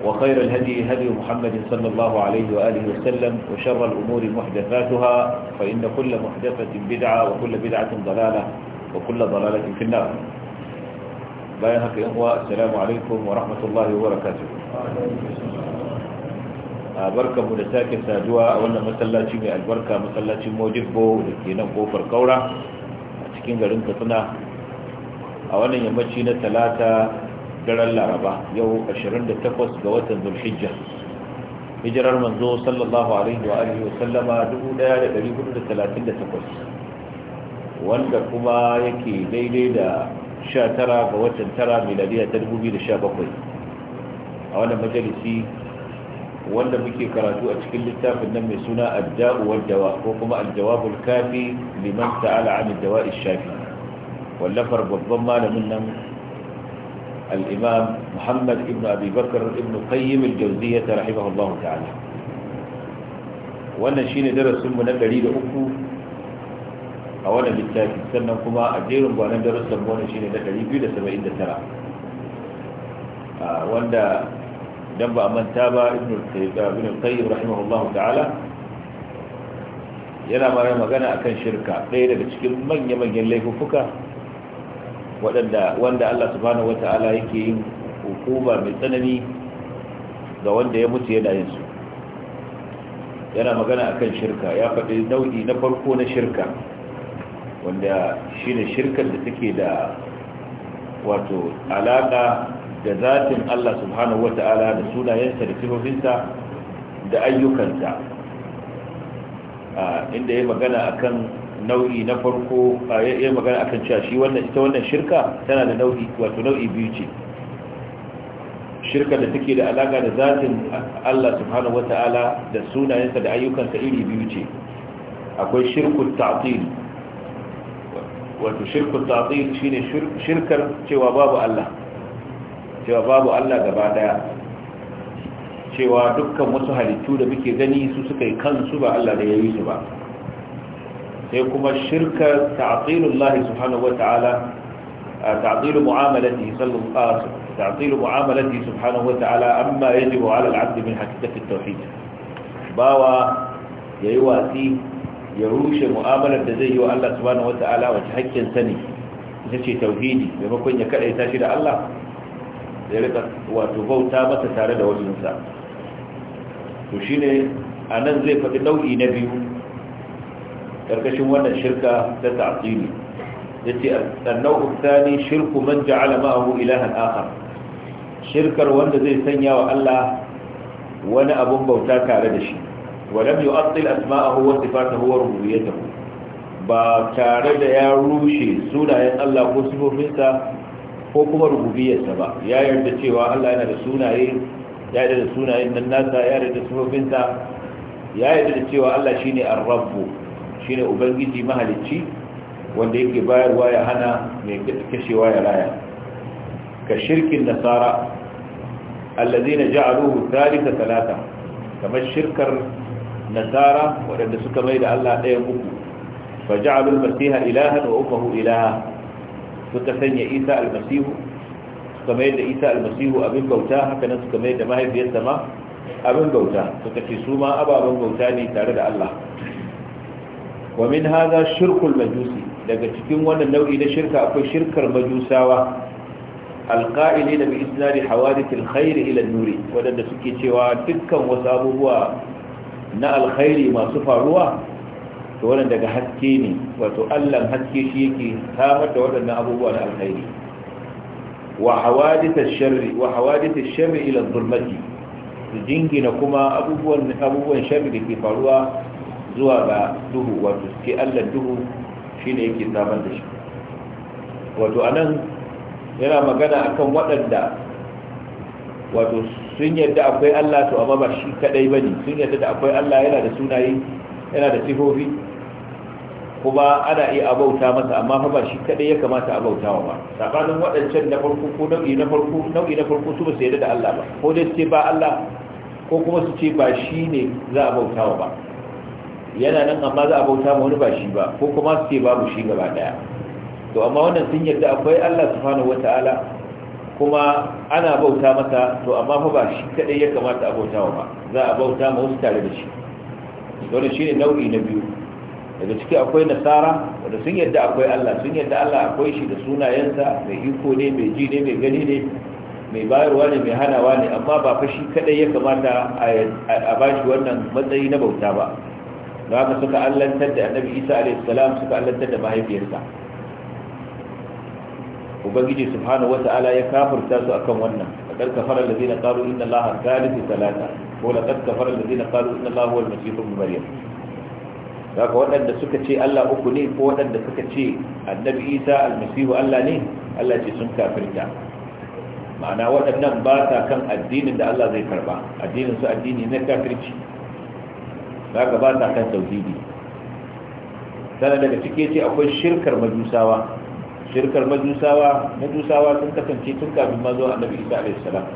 وخير الهدي هدي محمد صلى الله عليه وآله وسلم وشر الأمور محدثاتها فإن كل محدثة بدعة وكل بدعة ضلالة وكل ضلالة في النار بيانك إخوة السلام عليكم ورحمة الله وبركاته بركة منساك ساجوا أولا مسلاتي من البركة مسلاتي موجبه لكي ننقو فرقورة أتكين غرنك صنع أولا يمشينا ثلاثة daren laraba yau 28 ga watan zulhijja hijirar manzo sallallahu alaihi wa alihi wa sallama 1438 wanda kuma yake daidai da 19 ga watan 9 miladiya ta 2017 a wannan majalisi wanda muke karatu a cikin littafin nan mai suna adda'u wad dawa ko kuma al-jawabul kafi liman ta'ala 'an ad-dawa'i shafi wallafar babban malamin nan الإمام محمد بن أبي بكر بن قيم الجوزية رحمه الله تعالى wannan shi ne darasinmu na 300 a wannan littafi sannan kuma a jerin gwanon darasinmu wannan shi ne na 279 wanda dan ba manta ba ibn al-qayyim ta'ala yana mara magana akan shirka ɗaya daga cikin manya-manyan laifuka waɗanda wanda Allah subhanahu wata'ala yake yin hukuma mai tsanani ga wanda ya mutu yana yin su yana magana akan shirka ya faɗi nau'i na farko na shirka wanda shine shirkar da take da wato alaka da zatin Allah subhanahu wata'ala da sunayensa da sifofinsa da ayyukansa inda ya magana akan nau'i na farko a yi magana akan cewa shi wannan ita wannan shirka tana da nau'i wato nau'i biyu ce shirka da take da alaka da zatin Allah subhanahu wa ta'ala da sunayensa da ayyukansa iri biyu ce akwai shirku ta'til wato shirku shi ne shirkar cewa babu Allah cewa babu Allah gaba daya cewa dukkan wasu halittu da muke gani su suka yi kansu ba Allah da ya yi su ba sai kuma shirka ta'tilullahi subhanahu wata'ala ta'tilu mu'amalati sallallahu amma yajibu 'ala al-'abd min haqiqati at-tauhid bawa yayi wasi ya rushe mu'amalar da zai yi wa Allah subhanahu wata'ala wace hakkin sani ita ce tauhidi maimakon ya kadaita shi da Allah ya rika wato bauta masa tare da wajensa to shine anan zai faɗi nau'i na biyu karkashin wannan shirka ta ta'zimi yace annau tsani shirku man ja'ala ma'ahu ilahan akhar shirkar wanda zai sanya wa Allah wani abun bauta tare da shi wa lam yu'attil asma'ahu wa sifatahu wa rububiyyatahu ba tare da ya rushe sunayen Allah ko sifofinsa ko kuma rububiyarsa ba ya yarda cewa Allah yana da sunaye ya yarda da sunayen nan nasa ya yarda da sifofinsa ya yarda da cewa Allah shine ar-rabb shine ubangiji mahalicci wanda yake bayarwa ya hana mai kashewa ya raya ka shirkin nasara allazina ja'aluhu thalitha thalatha kamar shirkar nasara wadanda suka mai da Allah ɗaya uku fa ja'alul masiha ilahan wa ummuhu ilaha suka sanya Isa al-Masihu suka mai da Isa al abin bauta haka nan suka mai da mahaifiyarsa ma abin bauta suka ce su ma ababen bauta ne tare da Allah wa min haza shirkul majusi daga cikin wannan nau'i na shirka akwai shirkar majusawa alqa'ili da bi isnadi hawadith alkhair ila nuri wadanda suke cewa dukkan wasu abubuwa na alkhairi masu faruwa to wannan daga haske ne wato Allah haske shi yake samar da waɗannan abubuwa na alkhairi wa hawadith ash-sharri wa hawadith ash-sharri ila dhulmati jingina kuma abubuwan abubuwan sharri da ke faruwa zuwa ga duhu wato suke allah duhu shine yake samar da shi wato anan yana magana akan waɗanda wato sun yadda akwai allah to amma ba shi kadai ba ne sun yadda da akwai allah yana da sunaye yana da sifofi kuma ana iya abauta masa amma fa ba shi kadai ya kamata a bautawa ba sabanin waɗancan na farko ko nau'i na farko nau'i na farko su ba su yadda da Allah ba ko dai su ce ba Allah ko kuma su ce ba shi ne za a bautawa ba yana nan amma za a bauta ma wani ba shi ba ko kuma su ce babu shi gaba daya to amma wannan sun yarda akwai Allah subhanahu wataala kuma ana bauta masa to amma fa ba shi kadai ya kamata a bauta ba za a bauta ma wasu tare da shi dole shine nau'i na biyu daga ciki akwai nasara wanda sun yarda akwai Allah sun yarda Allah akwai shi da sunayensa mai iko ne mai ji ne mai gani ne mai bayarwa ne mai hanawa ne amma ba fa shi kadai ya kamata a bashi wannan matsayi na bauta ba za suka allantar da annabi isa alaihi salam suka allantar da mahaifiyarsa ubangiji subhanahu wata'ala ya kafirta su akan wannan laqad kafara allazina qalu inna allaha thalithu thalatha ko laqad kafara allazina qalu inna allaha huwal masih ibn maryam daga waɗanda suka ce Allah uku ne ko waɗanda suka ce annabi Isa almasihu Allah ne Allah ce sun kafirta ma'ana waɗannan ba ta kan addinin da Allah zai karba addinin su addini na kafirci kaga ba ta kan tauhidi sana daga cike ce akwai shirkar majusawa shirkar majusawa majusawa sun kasance tun kafin mazo annabi isa alaihi salam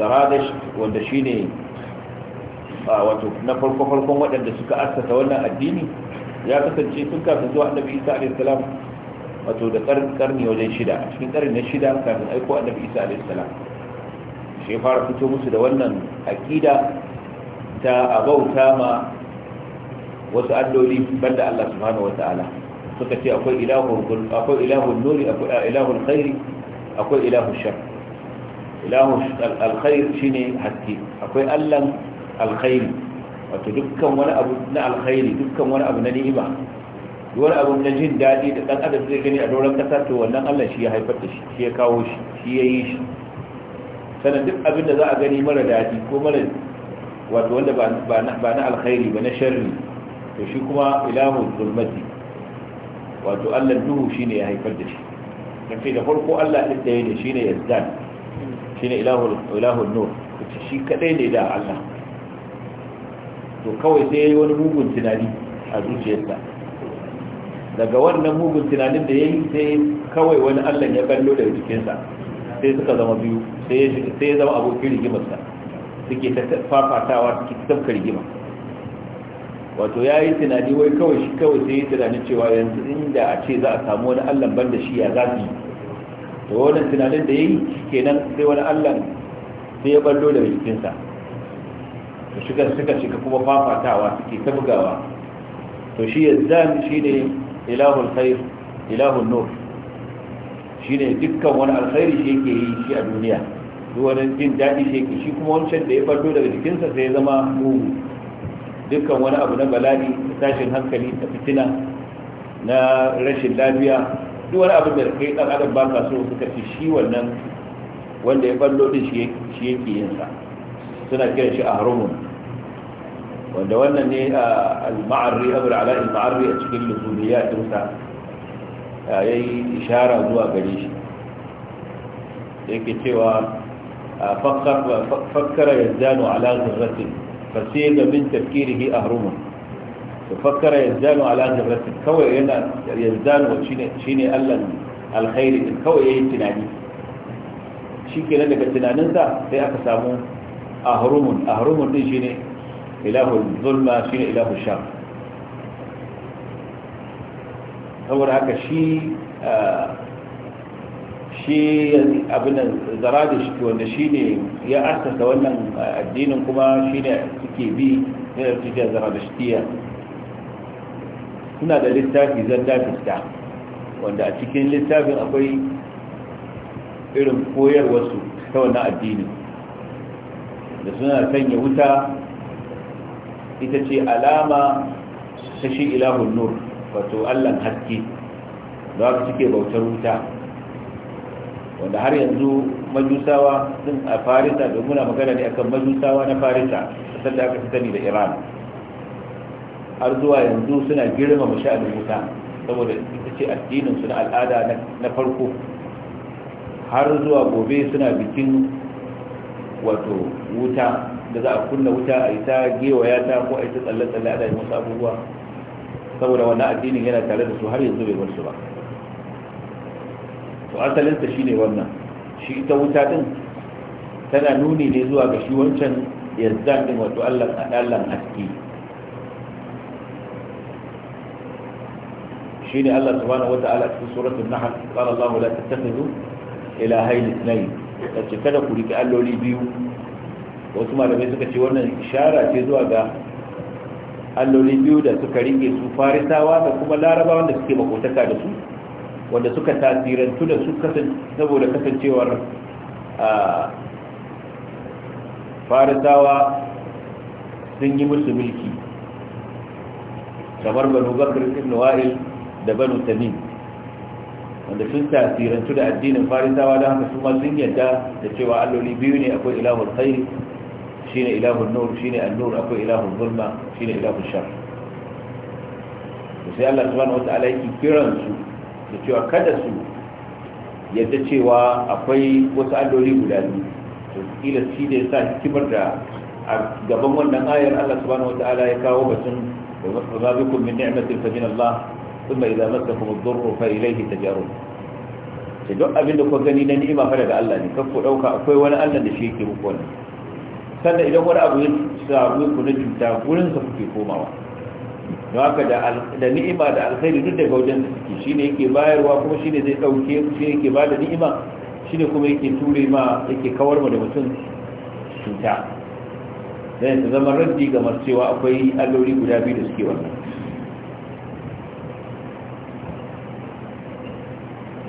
zaradash wanda shine a wato na farko farkon waɗanda suka assasa wannan addini ya kasance tun kafin zuwa annabi isa alaihi salam wato da karni wajen shida a cikin karni na shida kafin aiko annabi isa alaihi salam shi fara fito musu da wannan aqida ta abauta ma wasu alloli banda Allah subhanahu wata'ala suka ce akwai ilahun akwai ilahun nuri akwai ilahun khairi akwai ilahun shar ilahun alkhair shine haske akwai allan alkhairi wato dukkan wani abu na alkhairi dukkan wani abu na ni'ima wani abu na jin daɗi da ɗan adam zai gani a doron ƙasa to wannan allah shi ya haifar da shi shi ya kawo shi shi ya yi shi sannan duk abin da za a gani mara daɗi ko mara wato wanda ba na alkhairi ba na sharri to shi kuma ilahun zulmati wato allah duhu shi ne ya haifar da shi kace da farko allah ɗin ɗaya ne ya shine shi ne ilahun nur kace shi kadai ne da allah to kawai sai ya yi wani mugun tunani a zuciyarsa daga wannan mugun tunanin da ya yi sai kawai wani allah ya kallo daga jikinsa sai suka zama biyu sai ya zama abokin rigimarsa suke ta fafatawa suke ta tafka gima wato ya yi tunani wai kawai shi kawai sai yi tunanin cewa yanzu inda a ce za a samu wani allan ban da shi ya za su yi to wani tunanin da ya yi kenan sai wani allan sai ya ballo da jikinsa to shiga suka shiga kuma fafatawa suke tafgawa to shi yanzu shi ne ilahul khair ilahul nur shi ne dukkan wani alkhairi shi yake yi shi a duniya duk jin daɗi shi shi kuma wancan da ya farto daga jikinsa sai ya zama mugu dukkan wani abu na bala'i da tashin hankali da fitina na rashin lafiya duk wani abu da kai ɗan adam ba ka so suka ci shi wannan wanda ya fallo din shi yake yin sa suna kiran shi a ahrumun wanda wannan ne al-ma'arri abul ala al-ma'arri a cikin lusuliyya dinsa yayi ishara zuwa gare shi yake cewa fakkara yazdanu ala zurratin fasir da min tafkirihi ahrumun to fakkara yazdanu ala zurratin kawai yana yazdanu shine shine Allah alkhairi din kawai yayin tunani shikenan daga tunaninsa sai aka samu ahrumun ɗin din shine ilahul zulma shine ilahul shar saboda haka shi shi abin nan wanda shi ne ya asasa wannan addinin kuma shi ne suke bi na yarjejiyar zaradishtiya suna da littafi zanda fista wanda a cikin littafin akwai irin koyarwarsu ta wannan addinin da suna sanya wuta ita ce alama ta shi ilahun nur wato allan haske za su suke bautar wuta wanda har yanzu majusawa sun a farisa da muna magana ne akan majusawa na farisa a da aka sani da iran har zuwa yanzu suna girmama sha'anin wuta saboda ita ce addinin su na al'ada na farko har zuwa gobe suna bikin wato wuta da za a kunna wuta a ita gewaya ta ko a ita tsalle-tsalle a da musu abubuwa saboda wannan addinin yana tare da su har yanzu bai bar su ba asalinsa shi ne wannan shi ita wuta din tana nuni ne zuwa ga shi wancan yarda din wato allah allah haske shi ne allah subhanahu wata'ala cikin suratul nahl qala allah la tattakhidhu ilahayn ithnayn kace kada ku riki alloli biyu wasu malamai suka ce wannan ishara ce zuwa ga alloli biyu da suka riƙe su farisawa da kuma larabawan da suke makotaka da su wanda suka tasirantu da su saboda kasancewar farisawa sun yi musu mulki kamar banu bakar ibn wa'il da banu tamim wanda sun tasirantu da addinin farisawa da haka su sun yadda da cewa alloli biyu ne akwai ilahul khair shine ilahul nur shine an-nur akwai ilahul zulma shine ilahul shar sai Allah subhanahu wa ta'ala yake kiransu da cewa kada su yadda cewa akwai wasu alloli guda biyu to kila shi da yasa hikimar da a gaban wannan ayar Allah subhanahu wataala ya kawo batun wa masababikum min ni'matin fa min Allah thumma idza massakum ad-durru fa ilayhi tajarun sai duk abin da ku gani na ni'ima fa daga Allah ne kan ku dauka akwai wani Allah da shi yake muku wannan sannan idan wani abu ya samu ku na cuta gurin sa kuke komawa don haka da ni'ima da alkhairi duk daga wajen da suke ne yake bayarwa kuma shi ne zai dauke shi yake ba da ni'ima ne kuma yake ture ma yake kawar ma da mutum cuta zai ta zama raddi ga masu cewa akwai alloli guda biyu da suke wannan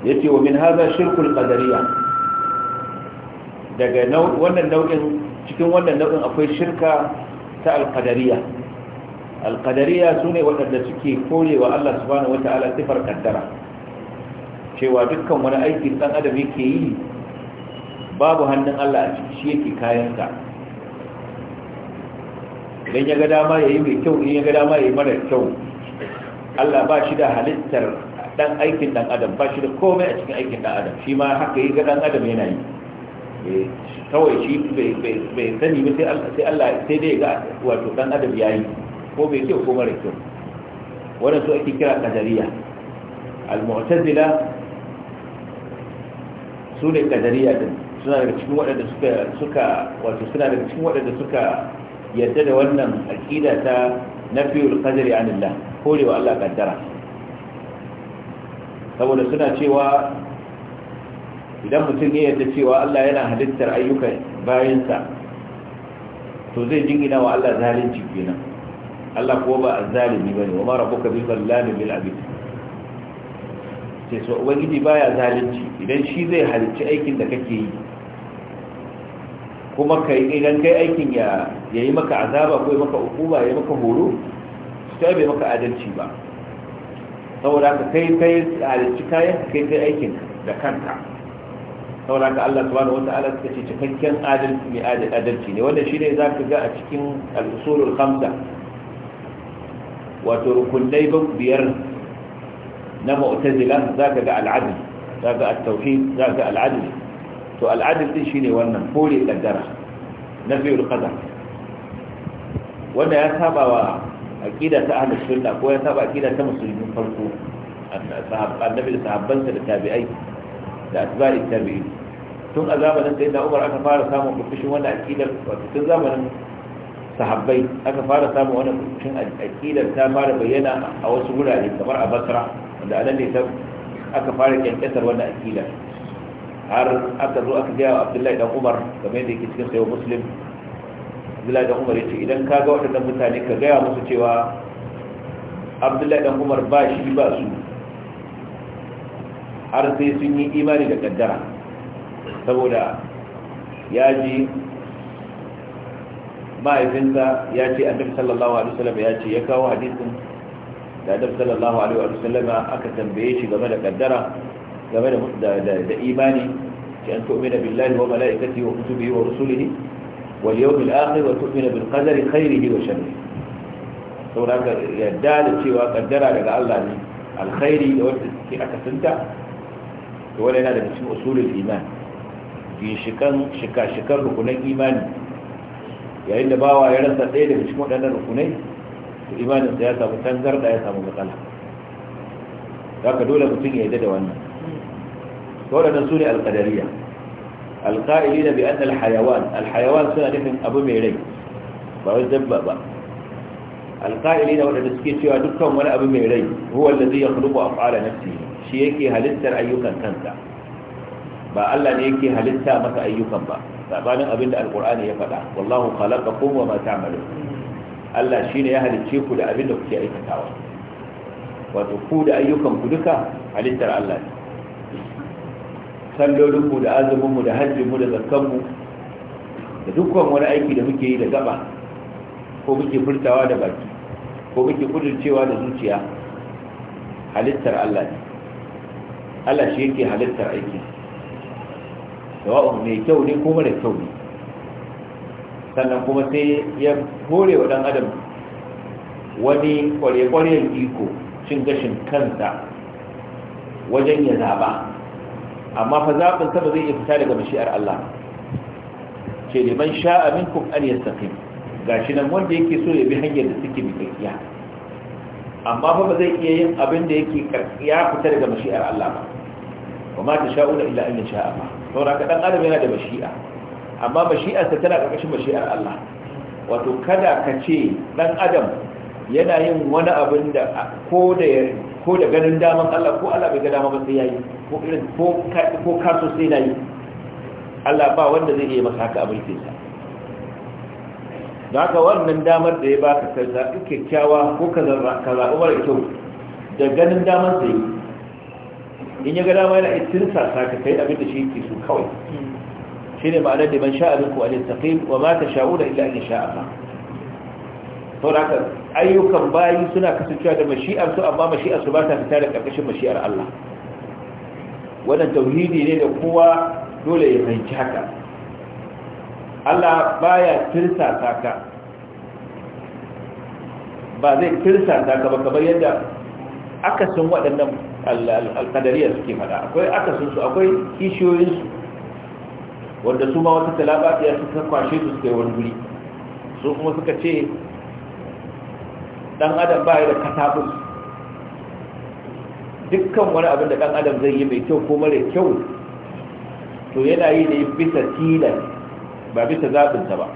yace wa min haza shirkul kadariya daga wannan nau'in cikin wannan nau'in akwai shirka ta alkadariya alƙadariya su ne waɗanda suke korewa Allah subhanahu wata'ala sifar kaddara cewa dukkan wani aiki ɗan adam yake yi babu hannun Allah a ciki shi yake kayansa idan ya ga dama ya yi mai kyau idan ya ga dama ya yi mara kyau Allah ba shi da halittar dan aikin dan adam ba shi da komai a cikin aikin dan adam shi ma haka yi ga dan adam yana yi eh, kawai shi bai sani ba sai Allah sai dai ga wato dan adam ya yi ko mai kyau ko mara kyau wannan su ake kira kadariya al-mu'tazila su ne kadariya din suna daga cikin waɗanda suka suka wato suna daga cikin waɗanda suka yadda da wannan aqida ta nafiyul qadari anillah kore wa Allah kaddara saboda suna cewa idan mutum ya yadda cewa Allah yana halittar ayyukan bayansa to zai jingina wa Allah zalunci kenan Allah ko ba ba ne wa ma rabbuka bil zallamin lil abid sai so ubangiji baya zalunci idan shi zai halicci aikin da kake yi kuma kai idan kai aikin ya yayi maka azaba ko maka ukuba yayi maka horo sai bai maka adalci ba saboda ka kai kai halicci kayan kai kai aikin da kanka saboda ka Allah subhanahu wataala suka ce cikakken adalci ne adalci ne wanda shine zaka ga a cikin al-usulul khamsa wato rukunai biyar na za ka ga al'adl zaka at-tauhid zaka al'adl to al'adl din shine wannan kore kaddara nafiyul qadar wanda ya saba wa aqida ta ahlus sunna ko ya saba aqida ta musulmin farko annabi da sahabbansa da tabi'ai da atba'i tabi'i tun a zamanin sayyidina Umar aka fara samun kufishin wannan aqidar wato tun zamanin sahabbai aka fara samun wani kushin aƙidar ta fara bayyana a wasu wurare kamar a basra wanda a anan ne aka fara kyankyasar wannan aƙidar har aka zo aka gaya wa abdullahi dan umar game da yake cikin sayo muslim abdullahi dan umar ya ce idan ka ga waɗannan mutane ka gaya musu cewa abdullahi dan umar ba shi ba su har sai sun yi imani da kaddara saboda ya ji mahaifinsa ya ce annabi sallallahu alaihi wasallam ya ce ya kawo hadisin da annabi sallallahu alaihi wasallam aka tambaye shi game da kaddara game da da imani ce an tu'mina billahi wa malaikatihi wa kutubihi wa rusulihi wal yawmil akhir wa tu'mina bil qadari khairihi wa sharrihi saboda yadda da cewa kaddara daga Allah ne alkhairi da wanda ke aka to wannan yana da cikin usulul iman ginshikan shika-shikan rukunan imani yayin da bawa ya rasa ɗaya da cikin waɗannan rukunai to imaninsa ya samu tangarda ya samu matsala ka dole mutum ya yi da wannan to waɗannan su ne alƙadariya alƙa'ili na bi annal hayawan alhayawan suna nufin abu mai rai ba wani dabba ba alƙa'ili na waɗanda suke cewa dukkan wani abu mai rai huwa allazi yakhluqu af'ala nafsihi shi yake halittar ayyukan kansa ba Allah ne yake halitta masa ayyukan ba sabanin abin da alqur'ani ya faɗa wallahu khalaqakum wa ma ta'malun Allah shine ya halicce ku da abin da kuke aikatawa wato ku da ayyukan ku duka halittar Allah ne sallolin mu da azumin mu da hajjin mu da zakkan mu da dukkan wani aiki da muke yi da gaba ko muke furtawa da baki ko muke kudurcewa da zuciya halittar Allah ne Allah shi yake halittar aiki sawa'un mai kyau ne ko mara kyau ne sannan kuma sai ya hore wa dan adam wani kware iko cin gashin kansa wajen ya zaba amma fa zaɓin sa ba zai iya fita daga mashi'ar Allah ce liman sha'a kuma an Ga gashi nan wanda yake so ya bi hanyar da suke bi tsakiya amma fa ba zai iya yin abin da yake ya fita daga mashi'ar Allah ba wa ma tasha'una illa an yasha Allah saboda ka dan adam yana da mashi'a amma mashi'arsa tana karkashin mashi'ar Allah wato kada ka ce dan adam yana yin wani abin da ko da ko da ganin daman Allah ko Allah bai ga dama ba sai yayi ko irin ko ko kaso sai yayi Allah ba wanda zai iya masa haka a mulkin sa haka wannan damar da ya baka ka zaɓi kyakkyawa ko ka zaɓi mara kyau da ganin daman sai in ya ga dama yana itin sasa ka kai abin da shi ke so kawai shi ne ma'anar da man sha'a minku an yastaqim wa ma ta da illa an yasha Allah to haka ayyukan bayi suna kasancewa da mashi'ar su amma mashi'ar su ba ta fita da ƙarƙashin mashi'ar Allah wannan tauhidi ne da kowa dole ya fahimci haka Allah baya tirsasa ka ba zai tirsasa ka ba kamar yadda akasin waɗannan alkadariya suke fada akwai akasinsu akwai kishiyoyinsu wanda su ma wata talabatiya suka kwashe su suka wani guri su kuma suka ce dan adam ba da katabus dukkan wani abin da dan adam zai yi mai kyau ko mara kyau to yana yi ne bisa tilas ba bisa zaɓinsa ba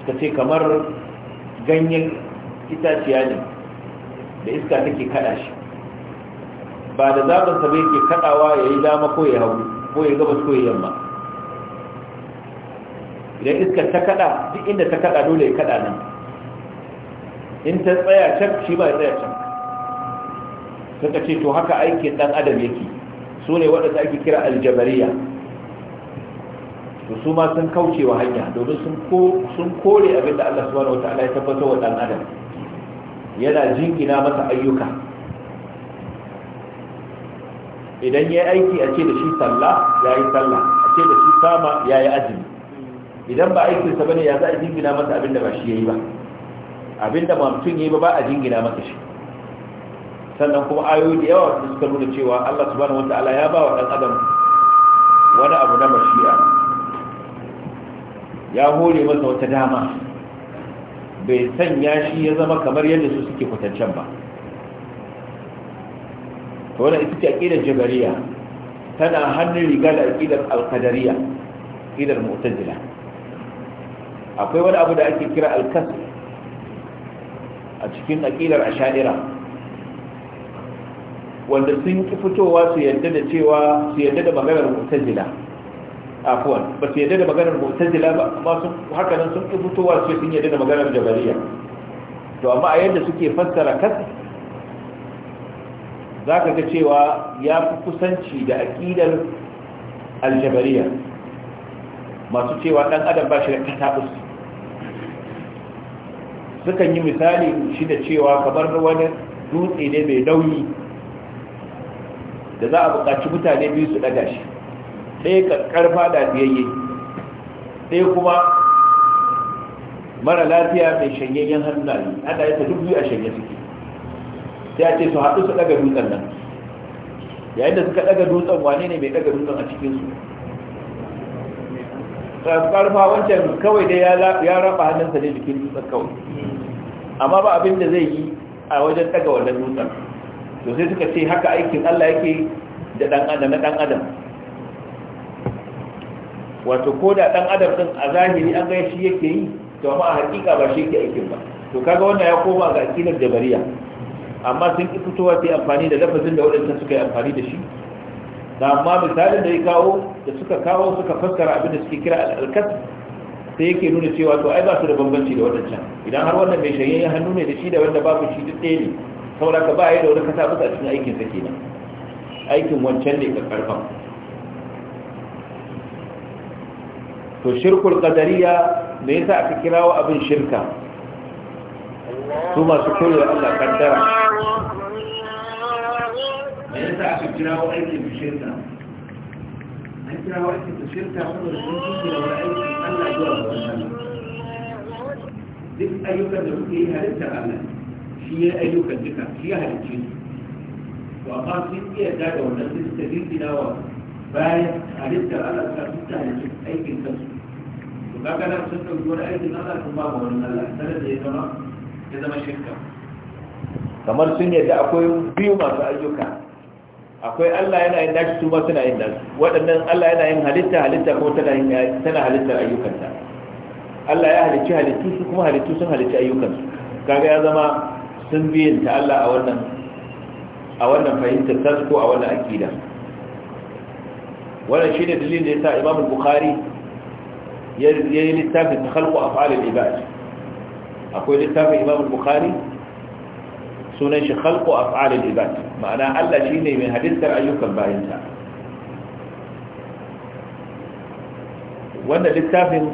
suka ce kamar ganyen itaciya ne da iska take kada shi ba da zaɓin sa yake kaɗawa ya yi dama ko ya hau, ko ya gabas ko ya yamma idan iskar ta kaɗa duk inda ta kaɗa dole ya kaɗa nan in ta tsaya can shi ba ya tsaya can suka ce to haka aikin ɗan adam yake su ne waɗanda ake kira aljabariya to su ma sun kauce wa hanya domin sun kore abinda Allah subhanahu wa ta'ala ya tabbatar wa ɗan adam yana jingina masa ayyuka idan ya aiki a ce da shi sallah ya yi sallah a ce da shi sama ya yi azumi idan ba aikinsa ba ne ya za a jingina masa abin da ba shi ya yi ba abin da ba mutum ya yi ba ba a jingina masa shi sannan kuma ayoyi da yawa da suka nuna cewa Allah subhanahu wataala ya ba wa ɗan adam wani abu na mashi'a ya hore masa wata dama bai sanya shi ya zama kamar yadda su suke kwatancen ba to wani ita ce aqidar jabariya tana hannun riga da aqidar alƙadariya, aqidar mu'tazila akwai wani abu da ake kira alkas a cikin a asha'ira wanda sun ki fitowa su yadda da cewa su yadda da maganar mu'tazila afwan ba su yadda da maganar mu'tazila ba amma sun haka nan sun ki fitowa su yadda da maganar jabariya to amma a yadda suke fassara kasr za ka ga cewa ya fi kusanci da aƙidar aljabariya masu cewa ɗan adam ba shi da kataɓus sukan yi misali shi da cewa kamar wani dutse ne mai nauyi da za a buƙaci mutane biyu su ɗaga shi ɗaya ƙarfa da biyayye ɗaya kuma mara lafiya mai shanyayyen hannu ana yi ta duk biyu a shanye suke sai ce su haɗu su ɗaga dutsen nan yayin da suka ɗaga dutsen wane ne mai ɗaga dutsen a cikin su karfa wancan kawai dai ya raba hannunsa ne jikin dutsen kawai amma ba abin da zai yi a wajen ɗaga wannan dutsen to sai suka ce haka aikin Allah yake da ɗan adam na ɗan adam wato ko da ɗan adam ɗin a zahiri an ga shi yake yi to amma a hakika ba shi yake aikin ba to kaga wannan ya koma ga akilar jabariya amma sun ki fitowa sai amfani da lafazin da waɗanda suka yi amfani da shi da amma misalin da ya kawo da suka kawo suka fassara abin da suke kira al'alkat sai yake nuna cewa to ai ba su da bambanci da waɗancan idan har wannan mai ya hannu ne da shi da wanda babu shi duk ɗaya ne saboda ka ba a yi da wani kasa a cikin aikin sa kenan aikin wancan ne ka karfan to shirkul qadariya me yasa aka kirawo abin shirka su masu koyo Allah kaddara me yasa aka kira wa aikin shirka an kira wa aikin shirka saboda sun ji da wani aikin Allah zuwa ga wannan duk ayyukan da kuke yi halitta Allah shi ya ayyukan duka shi ya halicce su to amma sun iya da wannan sun tafi wa bayan halittar Allah ta fi ta halittar aikin kansu to kaga nan sun ɗauki wani aikin Allah sun ba ga wani Allah sanar da ya zama ya zama shirka kamar sun yadda akwai biyu masu ayyuka akwai Allah yana yin nashi su ma suna yin nasu waɗannan Allah yana yin halitta halitta ko tana yin tana halittar ayyukanta Allah ya halicci halittu su kuma halittu sun halicci ayyukansu kaga ya zama sun biyanta Allah a wannan a wannan fahimtar tas ko a wannan akida wannan shine dalilin da yasa Imam Bukhari ya yi littafin khalqu af'al al-ibad akwai littafin imam bukhari sunan shi khalqu al ibad ma'ana Allah shine mai hadisar ayyukan bayinsa wannan littafin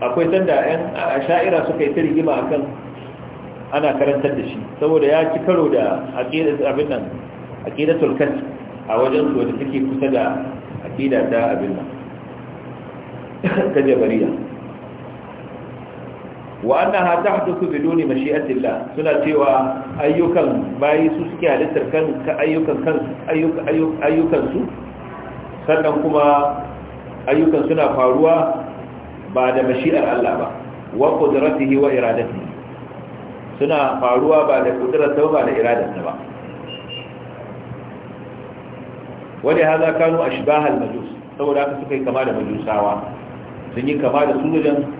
akwai sanda yan sha'ira suka yi rigima akan ana karantar da shi saboda ya ci karo da aqidat abin nan aqidatul a wajen su da suke kusa da aqida abin nan ta jabariya wa annaha tahdathu biduni mashi'atillah suna cewa ayyukan bayi su suke halittar kan ayyukan su sannan kuma ayyukan suna faruwa ba da mashi'ar Allah ba wa qudratihi wa iradatihi suna faruwa ba da qudratarsa ba da iradarsa ba wani haza kanu shiga majus saboda haka suka yi kama da majusawa sun yi kama da su wajen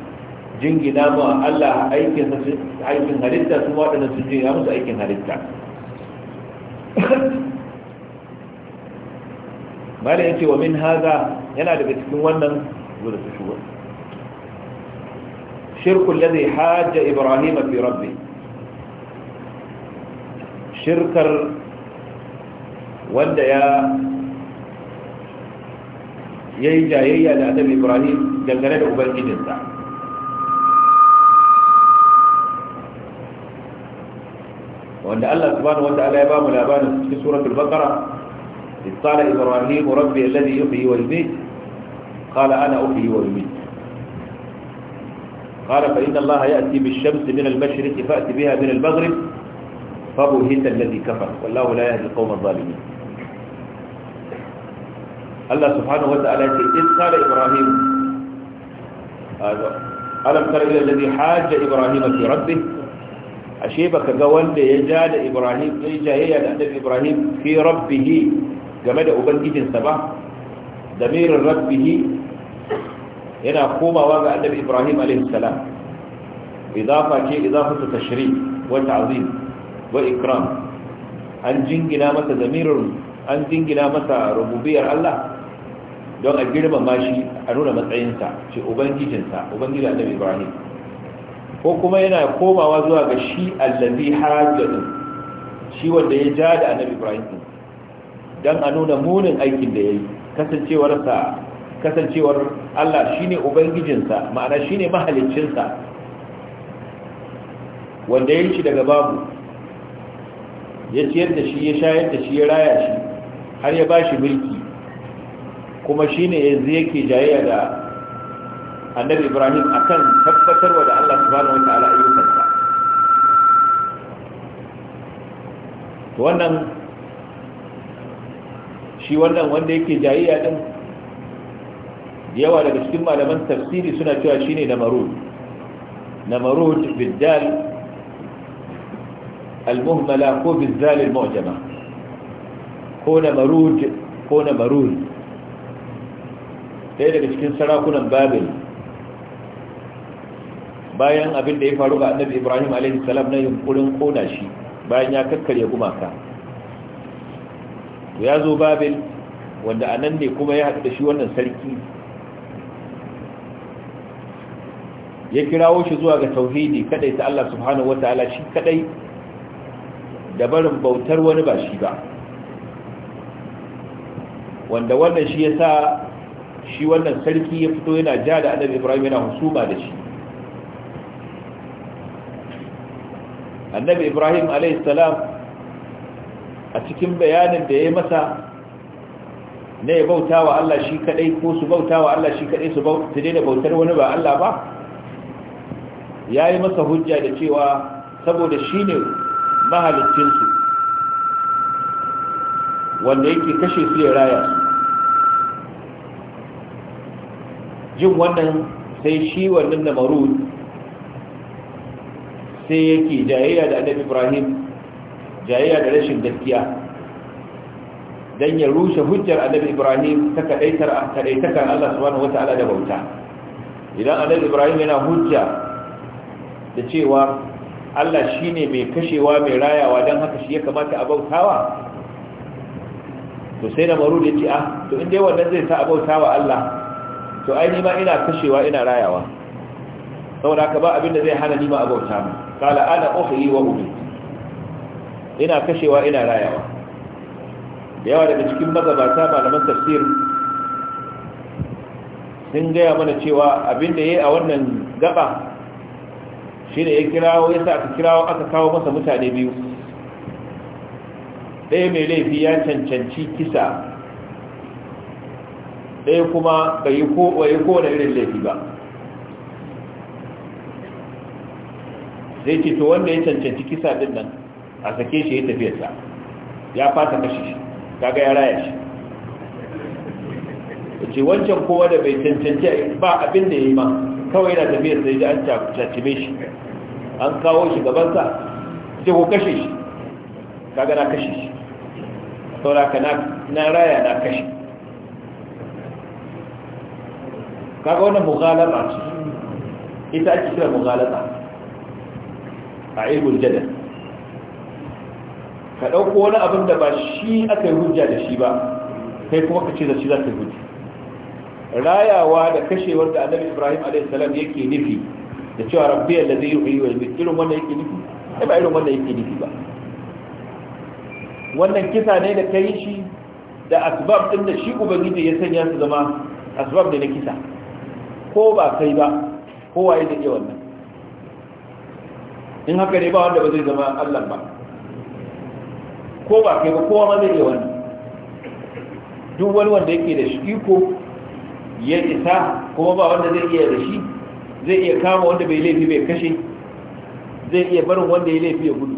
jingina ma Allah aikin aikin halitta sun waɗanda sun jingina musu aikin halitta mala yace wa min haza yana daga cikin wannan zuwa su shugo shirku alladhi hajja ibrahim fi rabbi shirkar wanda ya yayi jayayya da annabi ibrahim dangane da ubangijinsa وأن الله سبحانه وتعالى يبام الأبان في سورة البقرة قال إبراهيم ربي الذي يحيي ويميت قال أنا أحيي ويميت قال فإن الله يأتي بالشمس من المشرق فأتي بها من المغرب فبهت الذي كفر والله لا يهدي القوم الظالمين الله سبحانه وتعالى إذ قال إبراهيم آه، ألم تر إلى الذي حاج إبراهيم في ربه ashe baka ga wanda ya ja da ibrahim ya jayayya da annabi ibrahim fi rabbihi game da ubangijinsa ba damirin rabbihi yana komawa ga annabi ibrahim alaihi salam idafa ce ta tashrif wa ta'zim wa ikram an jingina masa damirin an jingina masa rububiyar Allah don a girmama shi a nuna matsayinsa ce ubangijinsa ubangijin annabi ibrahim ko kuma yana komawa zuwa ga shi allazi hajjatu shi wanda ya ja da annabi ibrahim dan a nuna munin aikin da yayi kasancewar sa kasancewar Allah shine ubangijinsa ma'ana shine mahaliccinsa wanda ya yi daga babu ya ciyar da shi ya shayar da shi ya raya shi har ya bashi mulki kuma shine yanzu yake jayayya da annabi ibrahim akan tabbatarwa da allah subhanahu wa ta'ala ayyukansa wannan shi wannan wanda yake jayayya din yawa daga cikin malaman tafsiri suna cewa shine namarud ko biddal المهملة كو ko المعجمة كون مروج كون Marud, ɗaya daga cikin sarakunan babel bayan abin da ya faru ga annabi ibrahim alaihi salam na yunkurin kona shi bayan ya kakkarya gumaka ya zo babil wanda a nan ne kuma ya haɗu da shi wannan sarki ya kirawo shi zuwa ga tauhidi kadai ta Allah subhanahu wataala shi kadai da barin bautar wani ba shi ba wanda wannan shi yasa shi wannan sarki ya fito yana ja da annabi Ibrahim yana husuma da shi annabi ibrahim alaihissalam a cikin bayanin da ya masa na ya bauta wa Allah shi kaɗai ko su bauta wa Allah shi kaɗai su daina bautar wani ba Allah ba ya yi masa hujja da cewa saboda shi ne mahalicinsu wanda yake kashe su ya raya su jin wannan sai shi wannan na marud sai yake jayayya da annabi ibrahim jayayya da rashin gaskiya don ya rushe hujjar annabi ibrahim ta kaɗaitakar allah subhanahu wata'ala da bauta idan annabi ibrahim yana hujja da cewa allah shine mai kashewa mai rayawa don haka shi ya kamata a bautawa to sai na maru da ce ah to in dai wannan zai sa a bautawa allah to ai ma ina kashewa ina rayawa saboda ka ba abin da zai hana ni ma a bauta mu kala ana uhyi wa umit ina kashewa ina rayawa da yawa daga cikin magabata malaman tafsir sun gaya mana cewa abinda yi a wannan gaba shine ya kirawo ya sa aka kirawo aka kawo masa mutane biyu ɗaya mai laifi ya cancanci kisa ɗaya kuma bai yi kowane irin laifi ba zai ce to wanda ya cancanci kisa din nan a sake shi ya tafiyarsa ya fata kashe shi kaga ya raya shi ce wancan kowa da bai cancanci ba abin da ya yi ma kawai yana tafiya sai da an cacime shi an kawo shi gabansa sai ko kashe shi kaga na kashe shi sauraka na raya na kashe kaga wannan mughalaba ce ita ake kira mughalaba a ilmul jadal ka ɗauko wani abin da ba shi aka yi hujja da shi ba kai kuma ka ce da shi za ka yi hujja rayawa da kashewar da annabi ibrahim alaihissalam yake nufi da cewa rabbiyar da zai yi yi wa irin wanda yake nufi sai ba irin wanda yake nufi ba wannan kisa ne da kai yi shi da asbab din da shi ubangiji ya sanya su zama asbab ne na kisa ko ba kai ba kowa ya zai wannan in haka ne ba wanda ba zai zama Allah ba ko ba kai ba kowa ma zai iya wani duk wani wanda yake da shi iko ya isa kuma ba wanda zai iya da shi zai iya kama wanda bai laifi bai kashe zai iya barin wanda ya laifi ya gudu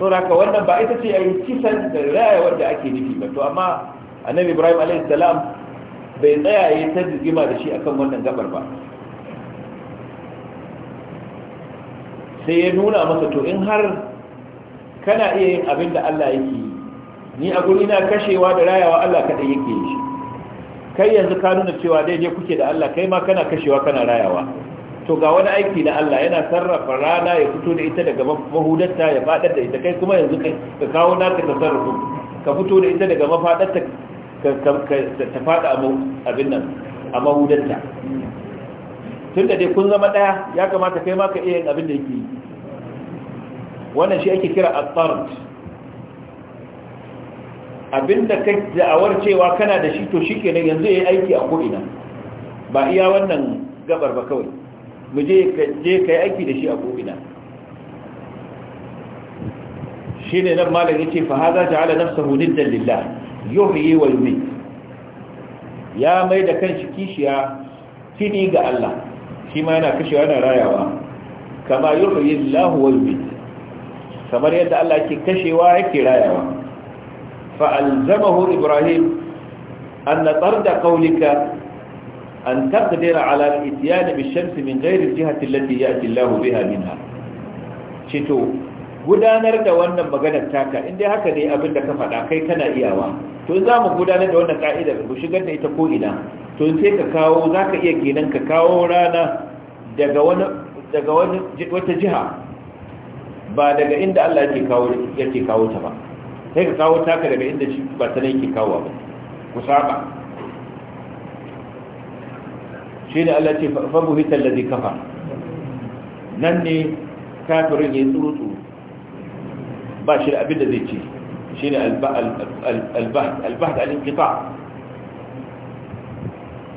to haka wannan ba ita ce a yi kisan da raya wanda ake nufi ba to amma annabi ibrahim alaihi salam bai tsaya ya ta da shi akan wannan gabar ba sai ya nuna masa to in har kana iya yin abin da Allah yake yi ni a guri na kashewa da rayawa Allah kaɗai yake yi kai yanzu ka nuna cewa dai-dai kuke da Allah kai ma kana kashewa kana rayawa to ga wani aiki na Allah yana sarrafa rana ya fito da ita daga mahudarta ya faɗar da ita kai kuma yanzu kai ka kawo naka sarrafa ka fito da ita daga mafaɗarta ta faɗa abin nan a mahudarta tun da dai kun zama ɗaya ya kamata kai ma ka iya yin abin da yake yi wannan shi ake kira at-tard abinda ka da'awar cewa kana da shi to shikenan yanzu yayi aiki a ko'ina ba iya wannan gabar ba kawai mu je je kai aiki da shi a ko'ina shine nan malam yace fa hadha ta'ala nafsuhu niddan lillah yuhyi wa yumiit ya mai da kanshi kishiya kini ga Allah shi ma yana kashewa yana rayawa kama yuhyi Allah wa yumiit kamar yadda Allah ke kashewa yake rayawa fa alzamahu ibrahim an tarda qawlika an taqdira ala al-ityan bi-shams min ghairi al-jihati allati ya'ti Allah biha minha cito gudanar da wannan maganar taka inda haka ne abin da ka faɗa kai kana iyawa to zamu gudanar da wannan ka'idar mu shigar da ita ko ina to sai ka kawo zaka iya kenan ka kawo rana daga wani daga wani wata jiha ba daga inda Allah yake kawo kawo ta ba sai ka kawo taka daga inda shi ba ta ke kawo ba ku saba shi ne Allah ce hitar da zai kafa nan ne kafirin ya tsuru ba shi da abin da zai ce shi ne da al-inqita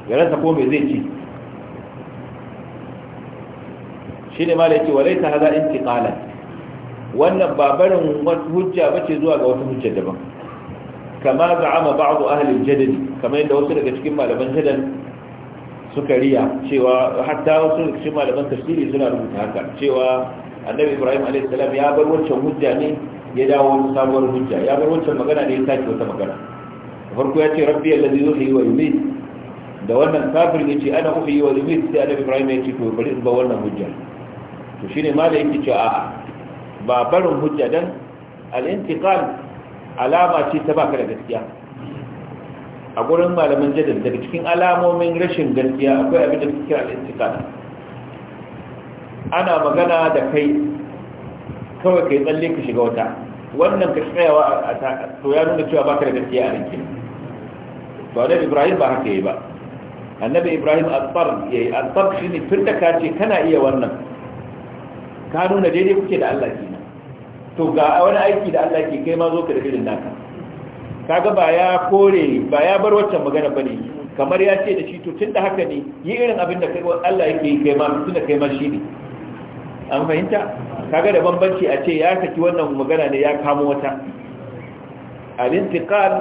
ya rasa ko me zai ce shi ne ma da yake walaita hada intiqalan wannan ba barin hujja ba zuwa ga wata hujja daban kama za'ama ba'du ahli jadal kamar yadda wasu daga cikin malaman jadal suka riya cewa hatta wasu daga cikin malaman tafsiri suna rubuta haka cewa annabi ibrahim alayhi salam ya bar wancan hujja ne ya dawo wani sabuwar hujja ya bar wancan magana ne ya sake wata magana farko ya ce rabbi allazi yuhyi wa yumiit da wannan kafir ya ce ana uhyi wa yumiit sai annabi ibrahim ya ce to bari in ba wannan hujja to shine ma da yake cewa a'a ba barin hujja don al'intikal alama ce ta baka da gaskiya a gurin malaman jadal daga cikin alamomin rashin gaskiya akwai abin da suke al'intikal ana magana da kai kawai kai tsalle ka shiga wata wannan ka tsayawa a to ya nuna cewa baka da gaskiya a ranke to annabi ibrahim ba haka yi ba annabi ibrahim al ya yi. al shi ne, tunda ka ce kana iya wannan ka nuna daidai kuke da Allah kenan to ga wani aiki da Allah ke kai ma zo ka da irin naka kaga ba ya kore ba ya bar waccan magana bane kamar ya ce da shi to tunda haka ne yi irin abin da kai Allah yake kai ma tunda kai ma shi ne an fahimta kaga da bambanci a ce ya saki wannan magana ne ya kama wata al-intiqal